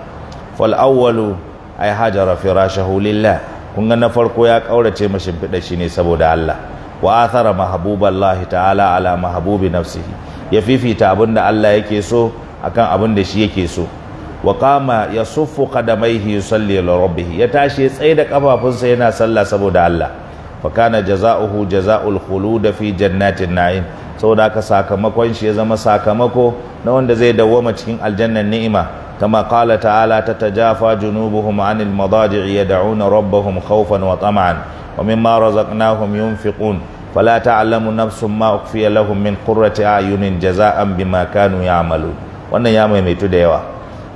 fal awwalu ay hajara firashahu lillah kun ga na farko ya ƙaurace ma shimfiɗa shi ne saboda Allah wa athara Allah ta'ala ala mahabubi nafsihi ya fifita abin da Allah yake so akan abin da shi yake so wa qama yasuffu qadamaihi yusalli li rabbih ya tashi tsaye da kafafunsa yana sallah saboda Allah fa kana jazaohu jazaul khulud fi jannatin na'im saboda haka sakamakon shi ya zama sakamako na wanda zai dawwama cikin aljannan ni'ima كما قال تعالى تتجافى جنوبهم عن المضاجع يدعون ربهم خوفا وطمعا ومما رزقناهم ينفقون فلا تعلم نفس ما أخفي لهم من قرة أعين جزاء بما كانوا يعملون wannan ya maimaitu da yawa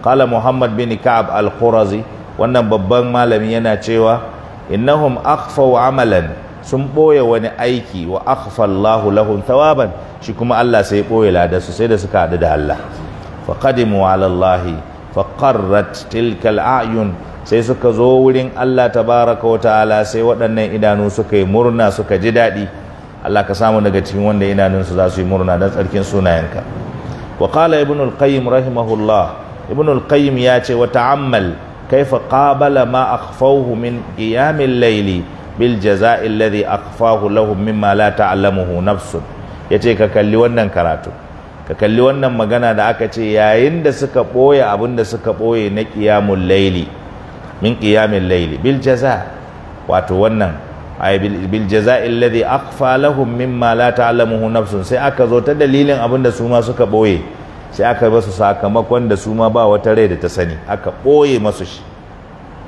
kala muhammad bin ka'ab al-qurazi wannan babban malami yana cewa innahum akhfaw amalan sun ɓoye wani aiki wa akhfa lahu lahum shi kuma Allah sai ɓoye ladarsu sai da suka hadu da Allah faqadimu ala Allahi faqarrat tilkal ayun sai suka zo wurin Allah tabaraka wa ta'ala sai waɗannan idanu suka yi murna suka ji daɗi Allah ka samu daga cikin wanda idanunsu za su yi murna don tsarkin sunayenka wa qala ibn al-qayyim rahimahullah ibn al-qayyim ya ce wa ta'ammal kaifa qabala ma akhfawhu min qiyam al-layli bil jaza'i alladhi akhfahu lahum mimma la ta'lamuhu nafsun yace ka kalli wannan karatu ka kalli wannan magana da aka ce yayin da suka ɓoye abin da suka ɓoye na ƙiyamun laili min ƙiyamin laili bil jaza wato wannan ay bil jaza'i alladhi akhfa lahum mimma la ta'lamuhu nafsun sai aka zo ta dalilin abin da su ma suka ɓoye sai aka basu sakamakon da su ma ba wata rai da ta sani aka ɓoye masu shi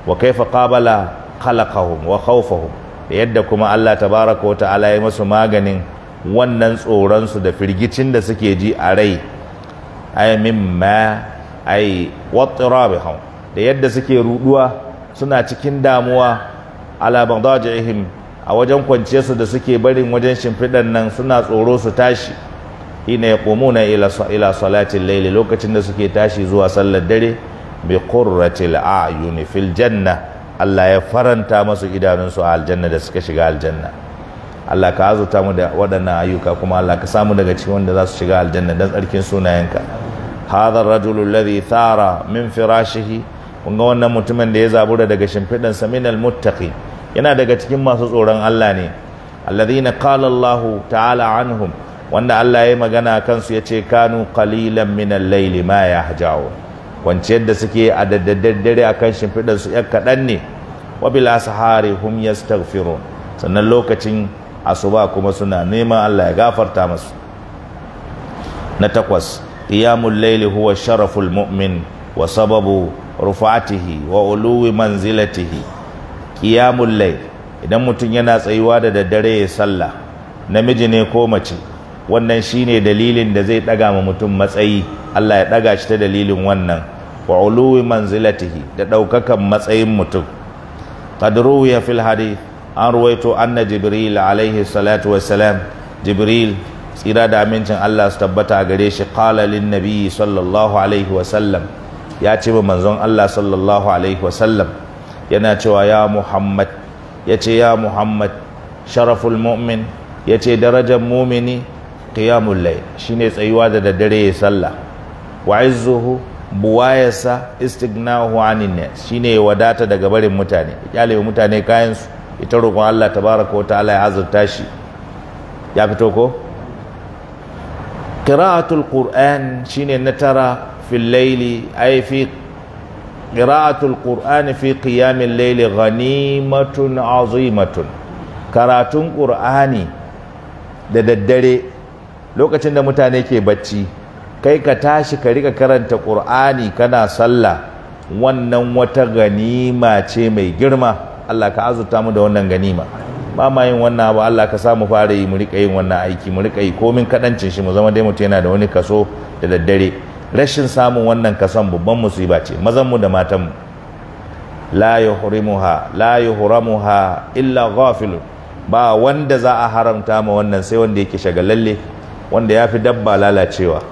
wa kaifa qabala khalaqahum wa khawfahum yadda kuma Allah ta wa ta'ala ya masu maganin wannan tsoronsu da firgicin da suke ji a rai ai ma ai watrabihum da yadda suke ruduwa suna cikin damuwa ala baghdajihim a wajen kwanciyar su da suke barin wajen shimfidan nan suna tsoro su tashi ina komo na ila salatin laili lokacin da suke tashi zuwa sallar dare bi qurratil ayuni fil janna Allah ya faranta masu idanunsu a aljanna da suka shiga aljanna Allah ka azurta mu da waɗannan ayyuka kuma Allah ka samu daga cikin wanda za su shiga aljanna dan tsarkin sunayenka hadha ar-rajulu alladhi thara min firashihi kunga wannan mutumin da ya zabura daga shimfidan sa min al-muttaqi yana daga cikin masu tsoron Allah ne alladhina qala Allah ta'ala anhum wanda Allah ya magana kansu ya ce kanu qalilan min al-layli ma yahja'un kwanciyar da suke a daddare akan shimfidan su yan kaɗan ne wa bil asahari hum yastaghfirun sannan lokacin asuba kuma suna neman Allah ya gafarta masu na takwas qiyamul laili huwa sharaful mu'min wa sababu rufatihi wa uluwi manzilatihi qiyamul layl idan mutum yana tsayuwa da daddare ya sallah namiji ne ko mace wannan shine dalilin da zai daga ma mutum matsayi Allah ya daga shi ta dalilin wannan wa uluwi manzilatihi da ɗaukakan matsayin mutum qad ya fil hadith an ruwaito anna jibril alaihi salatu wassalam jibril tsira da amincin Allah su tabbata gare shi kala lin nabi sallallahu alaihi wasallam ya ce ba manzon Allah sallallahu alaihi wasallam yana cewa ya Muhammad ya ce ya Muhammad sharaful mu'min ya ce darajar mumini qiyamul shi shine tsayuwa da daddare ya sallah wa izzuhu buwayarsa istignahu anin nas shine wadata daga barin mutane kyale mutane kayansu ita roƙon Allah tabaraka ta'ala ya azurta shi ya fito ko ƙur'an qur'an shine na tara fil a yi fi ƙiraatul ƙur'an fi gani layli ghanimatun azimatun karatun ƙur'ani da daddare lokacin da mutane ke bacci kai ka tashi ka rika karanta ƙur'ani kana sallah wannan wata ganima ce mai girma Allah ka azurta mu da wannan ganima ba ma yin wannan abu Allah ka samu fara yi mu rika yin wannan aiki mu rika yi komin kadancin shi mu zama dai mutu yana da wani kaso da daddare rashin samun wannan kason babban musiba ce mazan mu da matan mu la yuhrimuha la yuhramuha illa ghafil ba wanda za a haramta ma wannan sai wanda yake shagalalle wanda ya fi dabba lalacewa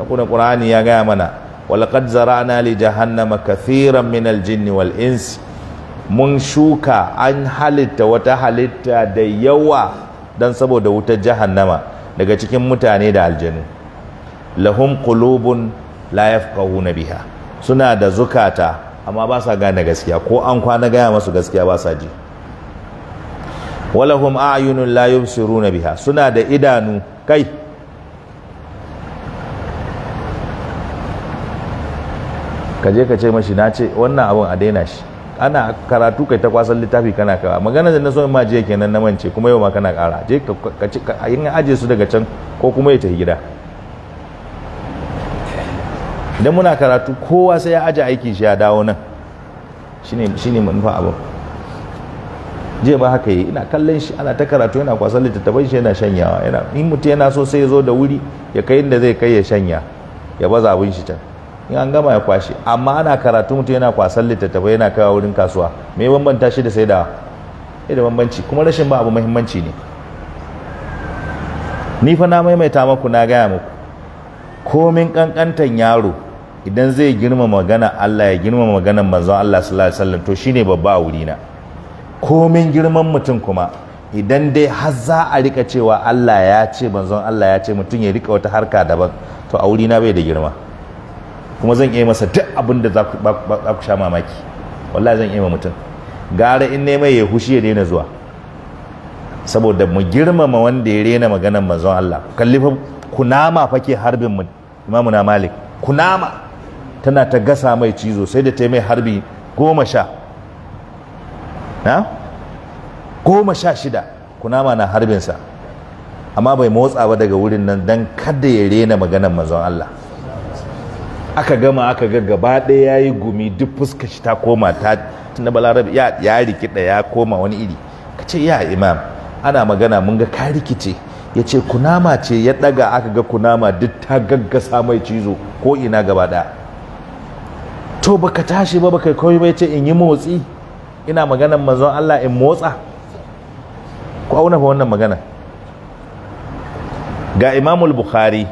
na kuna qur'ani ya gaya mana walaqad zara'na li jahannama kathiran min al-jinni wal insi mun shuka an halitta wata halitta da yawa don saboda wutar jahannama daga cikin mutane da aljanu lahum qulubun la yafqahuna biha suna da zukata amma ba sa gane gaskiya ko an kwana gaya masu gaskiya ba sa ji walahum a'yunun la na biha suna da idanu kai kaje ka ce mashi na ce wannan abun a daina shi ana karatu kai ta kwasan littafi kana kawa magana da na so ma je kenan na mance kuma yau ma kana kara je ka in aje su daga can ko kuma ya tafi gida idan muna karatu kowa sai ya aje aikin shi ya dawo nan shine shine manufa abu je ba haka yi ina kallon shi ana ta karatu yana kwasan littattafai shi yana shanyawa yana in mutum yana so sai ya zo da wuri ya kai inda zai kai ya shanya ya baza abin shi can in an gama ya kwashe amma ana karatu mutum yana kwasan littattafai yana kawo wurin kasuwa me bambanta shi da saidawa sai da bambanci kuma rashin ba abu muhimmanci ne ni fa na maimaita maku na gaya muku komin kankantan yaro idan zai girma magana Allah ya girma maganar manzon Allah sallallahu alaihi wasallam to shine babba a wurina komin girman mutum kuma idan dai har za a rika cewa Allah ya ce manzon Allah ya ce mutum ya rika wata harka daban to a wurina bai da girma kuma zan iya masa duk abin da za ku sha mamaki wallahi zan iya mutum gara in ne mai ya hushi ya daina zuwa saboda mu girmama wanda ya rena maganar manzon Allah kalli fa kunama fake harbin mu imamu na malik kunama tana ta gasa mai cizo sai da ta mai harbi goma sha na goma sha shida kunama na harbinsa amma bai motsa ba daga wurin nan don kada ya rena maganar manzon Allah aka gama aka ga gaba ɗaya ya yi gumi duk fuska shi ta koma ta na balarabe ya, ya rikida ya koma wani iri ka ce ya imam ana magana mun ga ka rikice ya ce kunama ce ya ɗaga aka ga kunama duk ta gaggasa mai cizo ko ina gaba ɗaya to baka tashi ba baka kawai bai ce in yi motsi ina maganan manzon Allah in motsa ku auna fa wannan magana ga imamul bukhari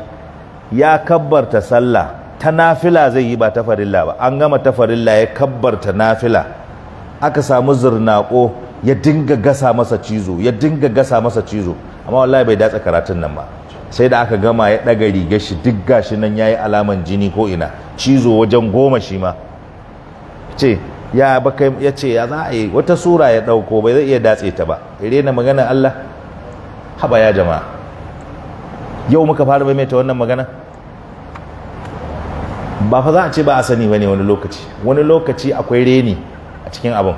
ya kabbarta sallah ta nafila zai yi ba ta farilla ba an gama ta farilla ya kabbarta nafila aka samu zirnako ya dinga gasa masa cizo ya dinga gasa masa cizo amma wallahi bai datsa karatun nan ba sai da aka gama ya ɗaga rigar shi duk gashi nan yayi alaman jini ko ina cizo wajen goma shi ma ce ya baka ya ce ya za a yi wata sura ya ɗauko bai zai iya datse ta ba irena magana Allah haba ya jama'a yau muka fara ta wannan magana ba fa za a ce ba a sani ba ne wani lokaci wani lokaci akwai reni a cikin abin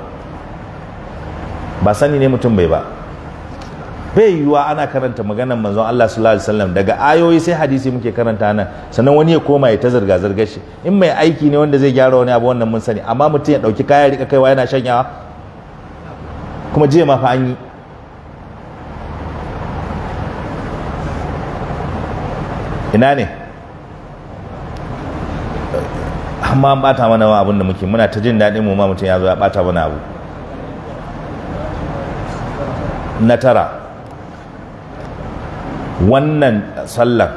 ba sani ne mutum bai ba bai yiwuwa ana karanta maganar manzon Allah sallallahu alaihi wasallam daga ayoyi sai hadisi muke karanta nan sannan wani ya koma ya ta zirga zirgar shi in mai aiki ne wanda zai gyara wani abu wannan mun sani amma mutum ya dauki kaya rika kaiwa yana shanyawa kuma jiya ma fa an yi ina ne amma bata mana wa abin da muke muna ta jin daɗin mu ma mutum ya zo ya bata mana abu na tara wannan sallan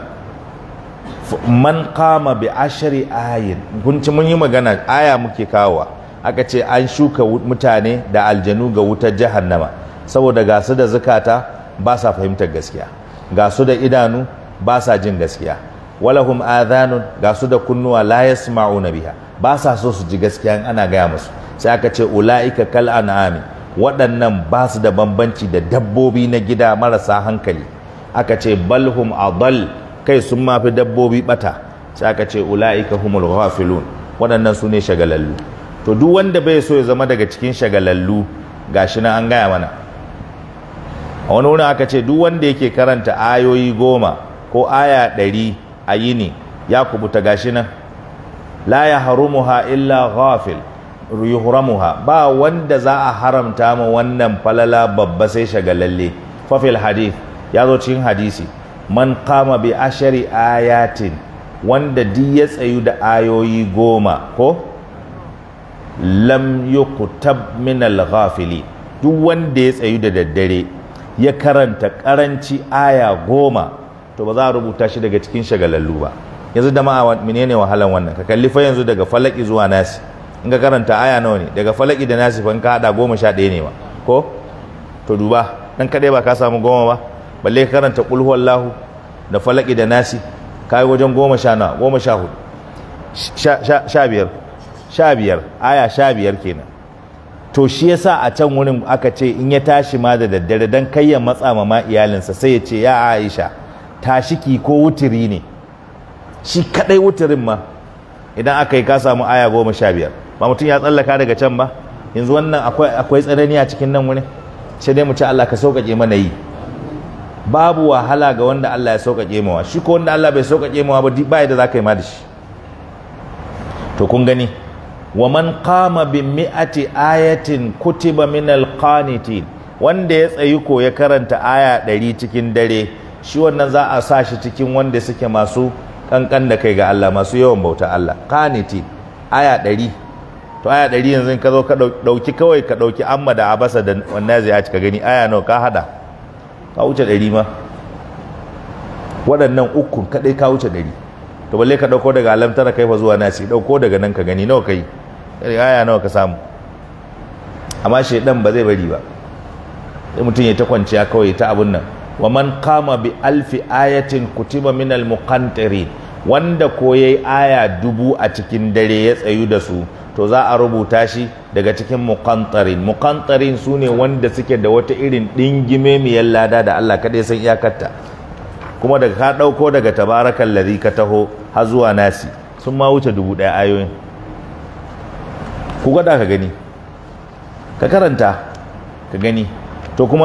man kama bi ashari ayin mun yi magana aya muke kawowa aka ce an shuka mutane da aljanu ga wutar jahannama saboda ga su da zukata ba sa fahimtar gaskiya ga su da idanu ba sa jin gaskiya walahum adhanun ga su da kunnuwa la yasma'una biha ba sa so su ji gaskiya ana gaya musu sai aka ce ulaika kal an'ami waɗannan ba su da bambanci da dabbobi na gida marasa hankali aka ce balhum adal kai sun mafi dabbobi bata sai aka ce ulaika humul ghafilun waɗannan su ne shagalallu to duk wanda bai so ya zama daga cikin shagalallu gashi nan an gaya mana a wani wurin aka ce duk wanda yake karanta ayoyi goma ko aya ɗari a yini ya kubuta gashi nan la ya harumuha illa ghafil yuhramuha ba wanda za a haramta ma wannan falala babba sai shagalalle fafil hadith ya zo cikin hadisi man kama bi ashari ayatin wanda duk ya tsayu da ayoyi goma ko lam yuqtab min al-ghafili duk wanda ya tsayu da daddare ya karanta karanci aya goma to ba za a rubuta shi daga cikin shagalallu ba yanzu da ma'a menene wahalan wannan ka kalli fa yanzu daga falaki zuwa nasi in ka karanta aya nawa ne daga falaki da nasi fa in ka hada goma sha ɗaya ne ba ko to duba dan kadai ba ka samu goma ba balle ka karanta qul huwallahu da falaki da nasi kai wajen goma sha nawa goma sha hudu sha biyar sha biyar aya sha biyar kenan to shi yasa a can wurin aka ce in ya tashi ma da daddare dan kai ya matsa ma iyalinsa sai ya ce ya Aisha tashiki ko wutiri ne shi kadai wutirin ma idan aka yi ka samu aya goma sha biyar ba mutum ya tsallaka daga can ba yanzu wannan akwai tsanani a cikin nan wani sai dai mu ce Allah ka sauƙaƙe mana yi babu wahala ga wanda Allah ya sauƙaƙe mawa shi ko wanda Allah bai sauƙaƙe mawa ba bai da za ka yi ma da shi to kun gani wa man qama bi mi'ati ayatin kutiba min al wanda ya tsayi ko ya karanta aya ɗari cikin dare shi wannan za a sa shi cikin wanda suke masu kankan da kai ga Allah masu yawan bauta Allah kaniti aya ɗari to aya ɗari yanzu ka zo ka ɗauki kawai ka ɗauki amma da abasa da wannan zai ka gani aya nawa ka hada ka wuce ɗari ma waɗannan ukun kaɗai ka wuce ɗari to balle ka ɗauko daga alam tara kai fa zuwa nasi ɗauko daga nan ka gani nawa kai aya nawa ka samu amma shaidan ba zai bari ba sai mutum ya ta kwanciya kawai ta abun nan wa man kama bi alfi ayatin kutiba min al wanda ko yayi aya dubu a cikin dare ya tsayu da su to za a rubuta shi daga cikin muqantarin muqantarin sune wanda suke da wata irin dingime miyar lada da Allah kadai san iyakarta kuma daga ka dauko daga tabarakal ladhi ka taho har zuwa nasi sun ma wuce dubu daya ayoyin ku gwada ka gani ka karanta ka gani to kuma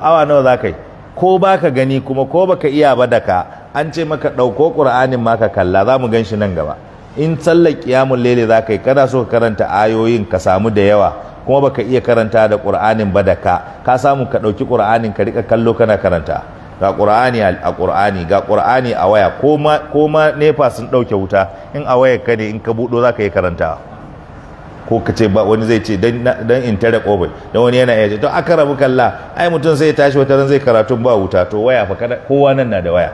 awa nawa za yi ko ba ka gani kuma ko baka iya ba da ka an ce maka ɗauko ƙur'anin ma ka kalla za mu gan shi nan gaba in sallar ƙiyamun lele za ka yi kana so ka karanta ayoyin ka samu da yawa kuma baka iya karanta da ƙura'anin ba da ka ka samu ka ɗauki ƙura'anin ka riƙa kallo kana karanta ga ƙur'ani a ƙura'ani ga ƙura'ani a waya ko ma nepa sun ɗauke wuta in a wayar ka ne in ka buɗo za ka yi karanta ko ka ce ba wani zai ce dan in tare kobai dan wani yana yaje to aka rabu kalla ai mutum sai ya tashi wata ran zai karatun ba wuta to waya fa kada kowa nan na da waya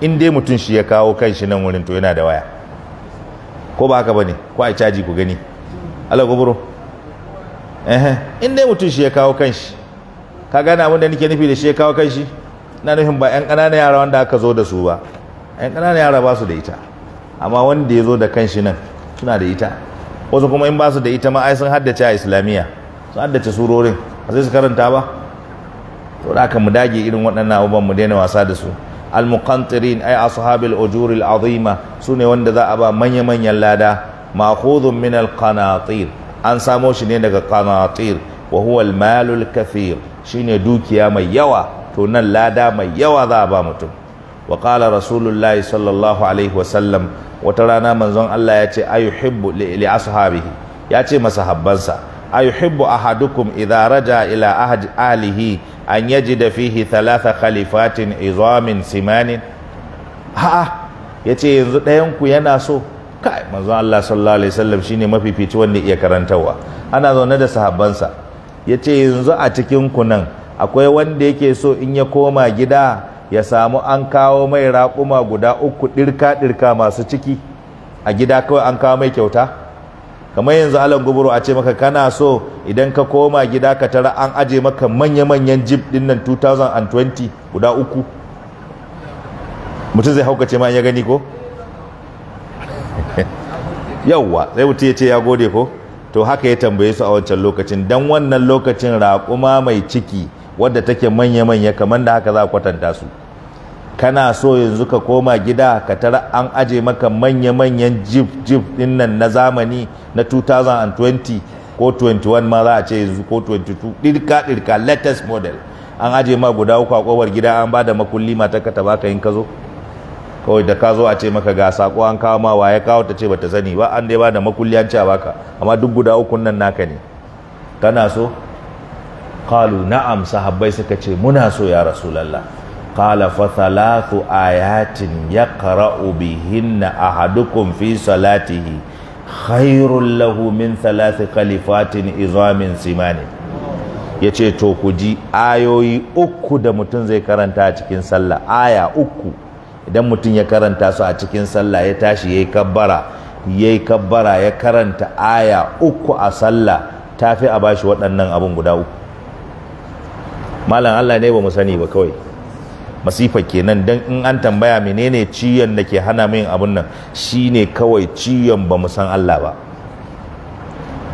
in dai mutum shi ya kawo kan shi nan wurin to yana da waya ko ba haka bane ko ai caji ku gani Allah gobro eh in dai mutum shi ya kawo kan shi ka gane abin da nake nufi da shi ya kawo kan shi na nufin ba yan ƙananan yara wanda aka zo da su ba yan ƙananan yara ba su da ita amma wanda ya zo da kan shi nan suna da ita wasu kuma in ba su da ita ma ai sun haddace a islamiyya sun haddace surorin a sai su karanta ba to da mu dage irin waɗannan abubuwan mu daina wasa da su al-muqantirin ay ashabil ujuril azima sune wanda za a ba manya manyan lada ma'khudhun min al-qanatir an samo shi ne daga qanatir wa huwa al-malul kathir shine dukiya mai yawa to nan lada mai yawa za a ba mutum wa qala rasulullahi sallallahu alaihi wa sallam wata rana manzon Allah ya ce ayuhibbu li ashabihi ya ce masahabbansa ayuhibbu ahadukum idza raja ila ahad alihi an yajida fihi thalatha khalifatin izamin simanin ha ce yanzu ɗayan ku yana so kai manzon Allah sallallahu alaihi wasallam shine mafifici wanda iya karantawa ana zaune da sahabbansa ce yanzu a cikin ku nan akwai wanda yake so in ya koma gida ya samu an kawo mai raƙuma guda uku ɗirka-ɗirka masu ciki a gida kawai an kawo mai kyauta kamar yanzu alan guburu a ce maka kana so idan ka koma gida ka tara an aje maka manya-manyan jib ɗin nan 2020 guda uku mutum zai haukace ma ya gani ko yauwa zai mutum ya ce ya gode ko to haka ya tambaye su a wancan lokacin don wannan lokacin raƙuma mai ciki wadda take manya-manya kamar da haka za a kwatanta su kana so yanzu ka koma gida ka tara an aje maka manya-manyan jif jif din nan na zamani na 2020 ko 21 ma za a ce yanzu ko 22 ɗirka ɗirka latest model an aje ma guda uku a kowar gida an ba da makulli mata ka taba ka yin ka zo kawai da ka zo a ce maka ga sako an kawo ma waye kawo ta ce bata sani ba an dai ba da makulli an ce baka amma duk guda uku nan naka ne kana so kalu na'am sahabbai suka ce muna so ya rasu lalla, fa thalathu ayatin yaqra'u bihinna hadukun fi salatihi khairun lahu min kalifatin khalifatin simani ya yace to ku ji ayoyi uku da mutum zai karanta a cikin sallah aya uku idan mutum ya karanta su a cikin sallah ya tashi yayi kabbara yayi kabbara ya karanta aya uku a sallah tafi a bashi waɗannan abun guda uku malam Allah ne ba mu sani ba kawai masifa kenan dan in an tambaya menene ciyon da ke hana min abun nan shine kawai ciyon ba mu san Allah ba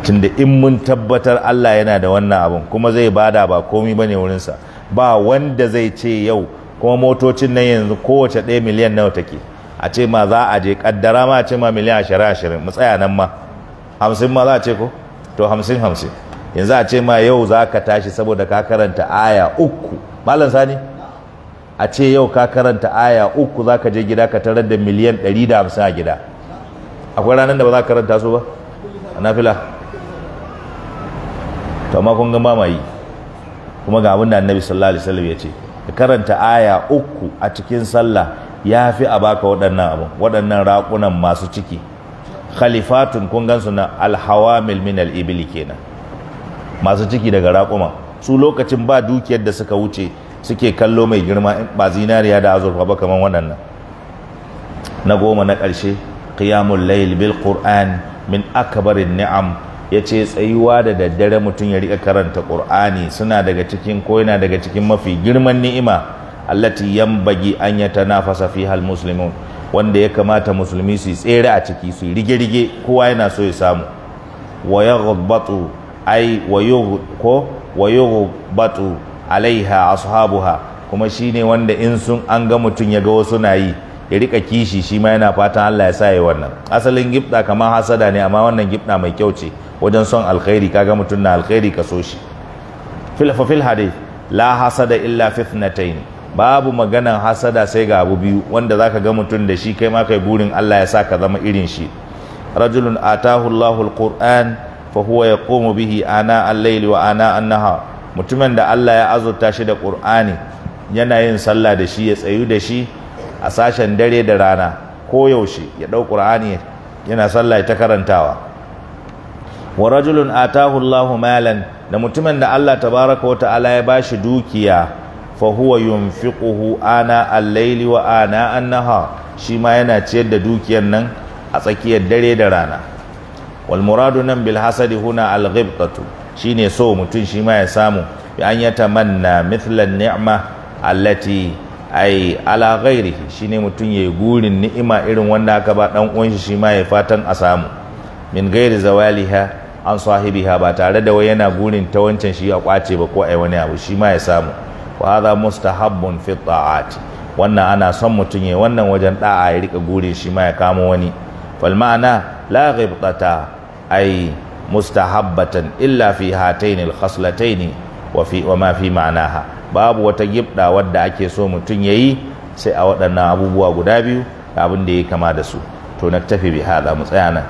tunda in mun tabbatar Allah yana da wannan abun kuma zai bada ba komi bane wurinsa ba wanda zai ce yau kuma motocin nan yanzu kowace ɗaya miliyan nawa take a ce ma za a je kaddara ma a ce ma miliyan ashirin ashirin mu tsaya nan ma hamsin ma za a ce ko to hamsin hamsin yanzu a ce ma yau za ka tashi saboda ka karanta aya uku malam sani a ce yau ka karanta aya uku za ka je gida ka tarar da miliyan 150 a gida akwai ranar da ba za ka karanta su ba a nafila to amma kun gama mai kuma ga abin da annabi sallallahu alaihi wasallam ya ce ka karanta aya uku a cikin sallah ya fi a baka waɗannan abin waɗannan raƙunan masu ciki khalifatun kun gansu na alhawamil min al-ibli kenan masu ciki daga raƙuma su lokacin ba dukiyar da suka wuce suke kallo mai girma ba zinariya da azurfa ba kamar waɗannan na goma na ƙarshe qiyamul layl bil qur'an min akbarin ni'am yace tsayuwa da daddare mutum ya rika karanta qur'ani suna daga cikin ko yana daga cikin mafi girman ni'ima allati bagi an yatanafasa fiha al muslimun wanda ya kamata musulmi su tsere a ciki su rige-rige kowa yana so ya samu wa ya ai wayo ko wayo batu alaiha ashabuha kuma shine wanda in sun an ga mutum ya ga wasu na yi ya rika kishi shi ma yana fatan Allah ya sa ya wannan asalin gifta kamar hasada ne amma wannan gifta mai kyau ce wajen son alkhairi kaga mutum na alkhairi ka so shi fil la hasada illa ne. babu maganan hasada sai ga abu biyu wanda zaka ga mutum da shi kai ma kai burin Allah ya sa ka zama irin shi rajulun atahu Allahul Qur'an Fahuwa ya komo bihi ana an laili wa ana an naha mutumin da Allah ya azurta shi da ƙur'ani, yana yin sallah da shi ya tsayu da shi a sashen dare da rana ko yaushe ya ɗau ƙur'ani yana sallah ta karantawa wa rajulun atahu Allahu malan da mutumin da Allah ta baraka wata ala ya ba shi dukiya Fahuwa huwa yunfiquhu ana al laili wa ana an naha shi ma yana ciyar da dukiyar nan a tsakiyar dare da rana Walmuradu nan bil hasadi huna al shine so mutum shi ma ya samu bi an yatamanna mithlan ni'ma allati ai ala ghairihi shine mutum yayi gurin ni'ima irin wanda aka ba dan uwan shi shi ma ya fatan a samu min ghairi zawaliha an sahibiha ba tare da wai yana gurin ta wancan shi ya kwace ba ko ai wani abu shi ma ya samu wa hadha mustahabbun fi ta'ati wannan ana son mutum ya wannan wajen da'a ya rika gurin shi ma ya kamo wani fal ma'ana la ai ay mustahabbatan illa fi hataini alkhaslataini wa fi wa ma fi ma'naha babu wata gibda wadda ake so mutum yayi sai a waɗannan abubuwa guda biyu da abin da ya kama da su to na tafi bi hada mu tsaya nan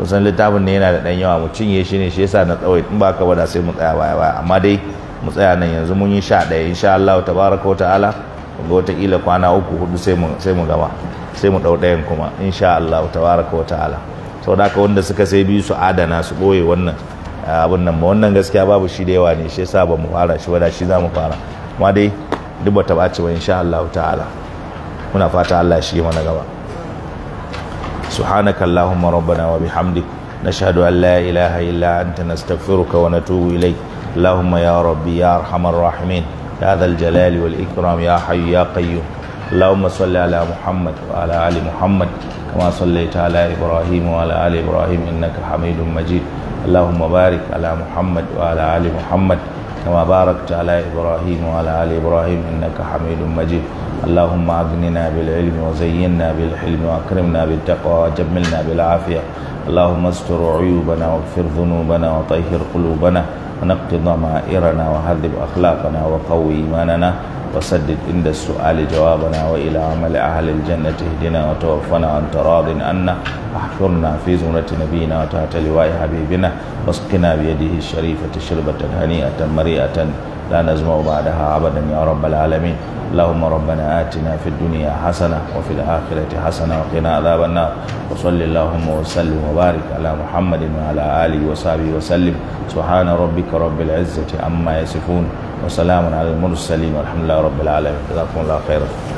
kusan littafin ne yana da dan yawa mu cinye shi ne shi yasa na tsawai in ba ka bada sai mu tsaya baya baya amma dai mu tsaya nan yanzu mun yi sha ɗaya insha Allah tabaraka wa ta'ala ga ila kwana uku hudu sai mu gama sai mu ɗau ɗayan kuma insha Allah tabaraka wa ta'ala da aka wanda suka sai biyu su adana su ɓoye wannan abin nan ba wannan gaskiya babu shi da yawa ne shi yasa ba mu fara shi ba da shi za mu fara amma dai duk ba ta ɓaci ba insha Allah ta'ala muna fata Allah shi mana gaba subhanaka allahumma rabbana wa bihamdik nashhadu an la ilaha illa anta nastaghfiruka wa natubu ilayk allahumma ya rabbi ya arhamar rahimin ya dhal jalali wal ikram ya hayu ya qayyum اللهم صل على محمد وعلى ال محمد كما صليت على إبراهيم وعلى آل إبراهيم إنك حميد مجيد اللهم بارك على محمد وعلى آل محمد كما باركت على إبراهيم وعلى آل إبراهيم إنك حميد مجيد اللهم أغننا بالعلم وزينا بالحلم وأكرمنا بالتقوى وجملنا بالعافية اللهم استر عيوبنا واغفر ذنوبنا وطهر قلوبنا ونقض ضمائرنا وهذب أخلاقنا وقوي إيماننا وسدد عند السؤال جوابنا وإلى عمل أهل الجنة اهدنا وتوفنا عن تراض عنا واحفرنا في زمرة نبينا وتحت لواء حبيبنا واسقنا بيده الشريفة شربة هنيئة مريئة لا نزمع بعدها أبدا يا رب العالمين اللهم ربنا آتنا في الدنيا حسنة وفي الآخرة حسنة وقنا عذاب النار وصل اللهم وسلم وبارك على محمد وعلى آله وصحبه وسلم سبحان ربك رب العزة عما يصفون وسلام على المرسلين والحمد لله رب العالمين جزاكم الله خيرا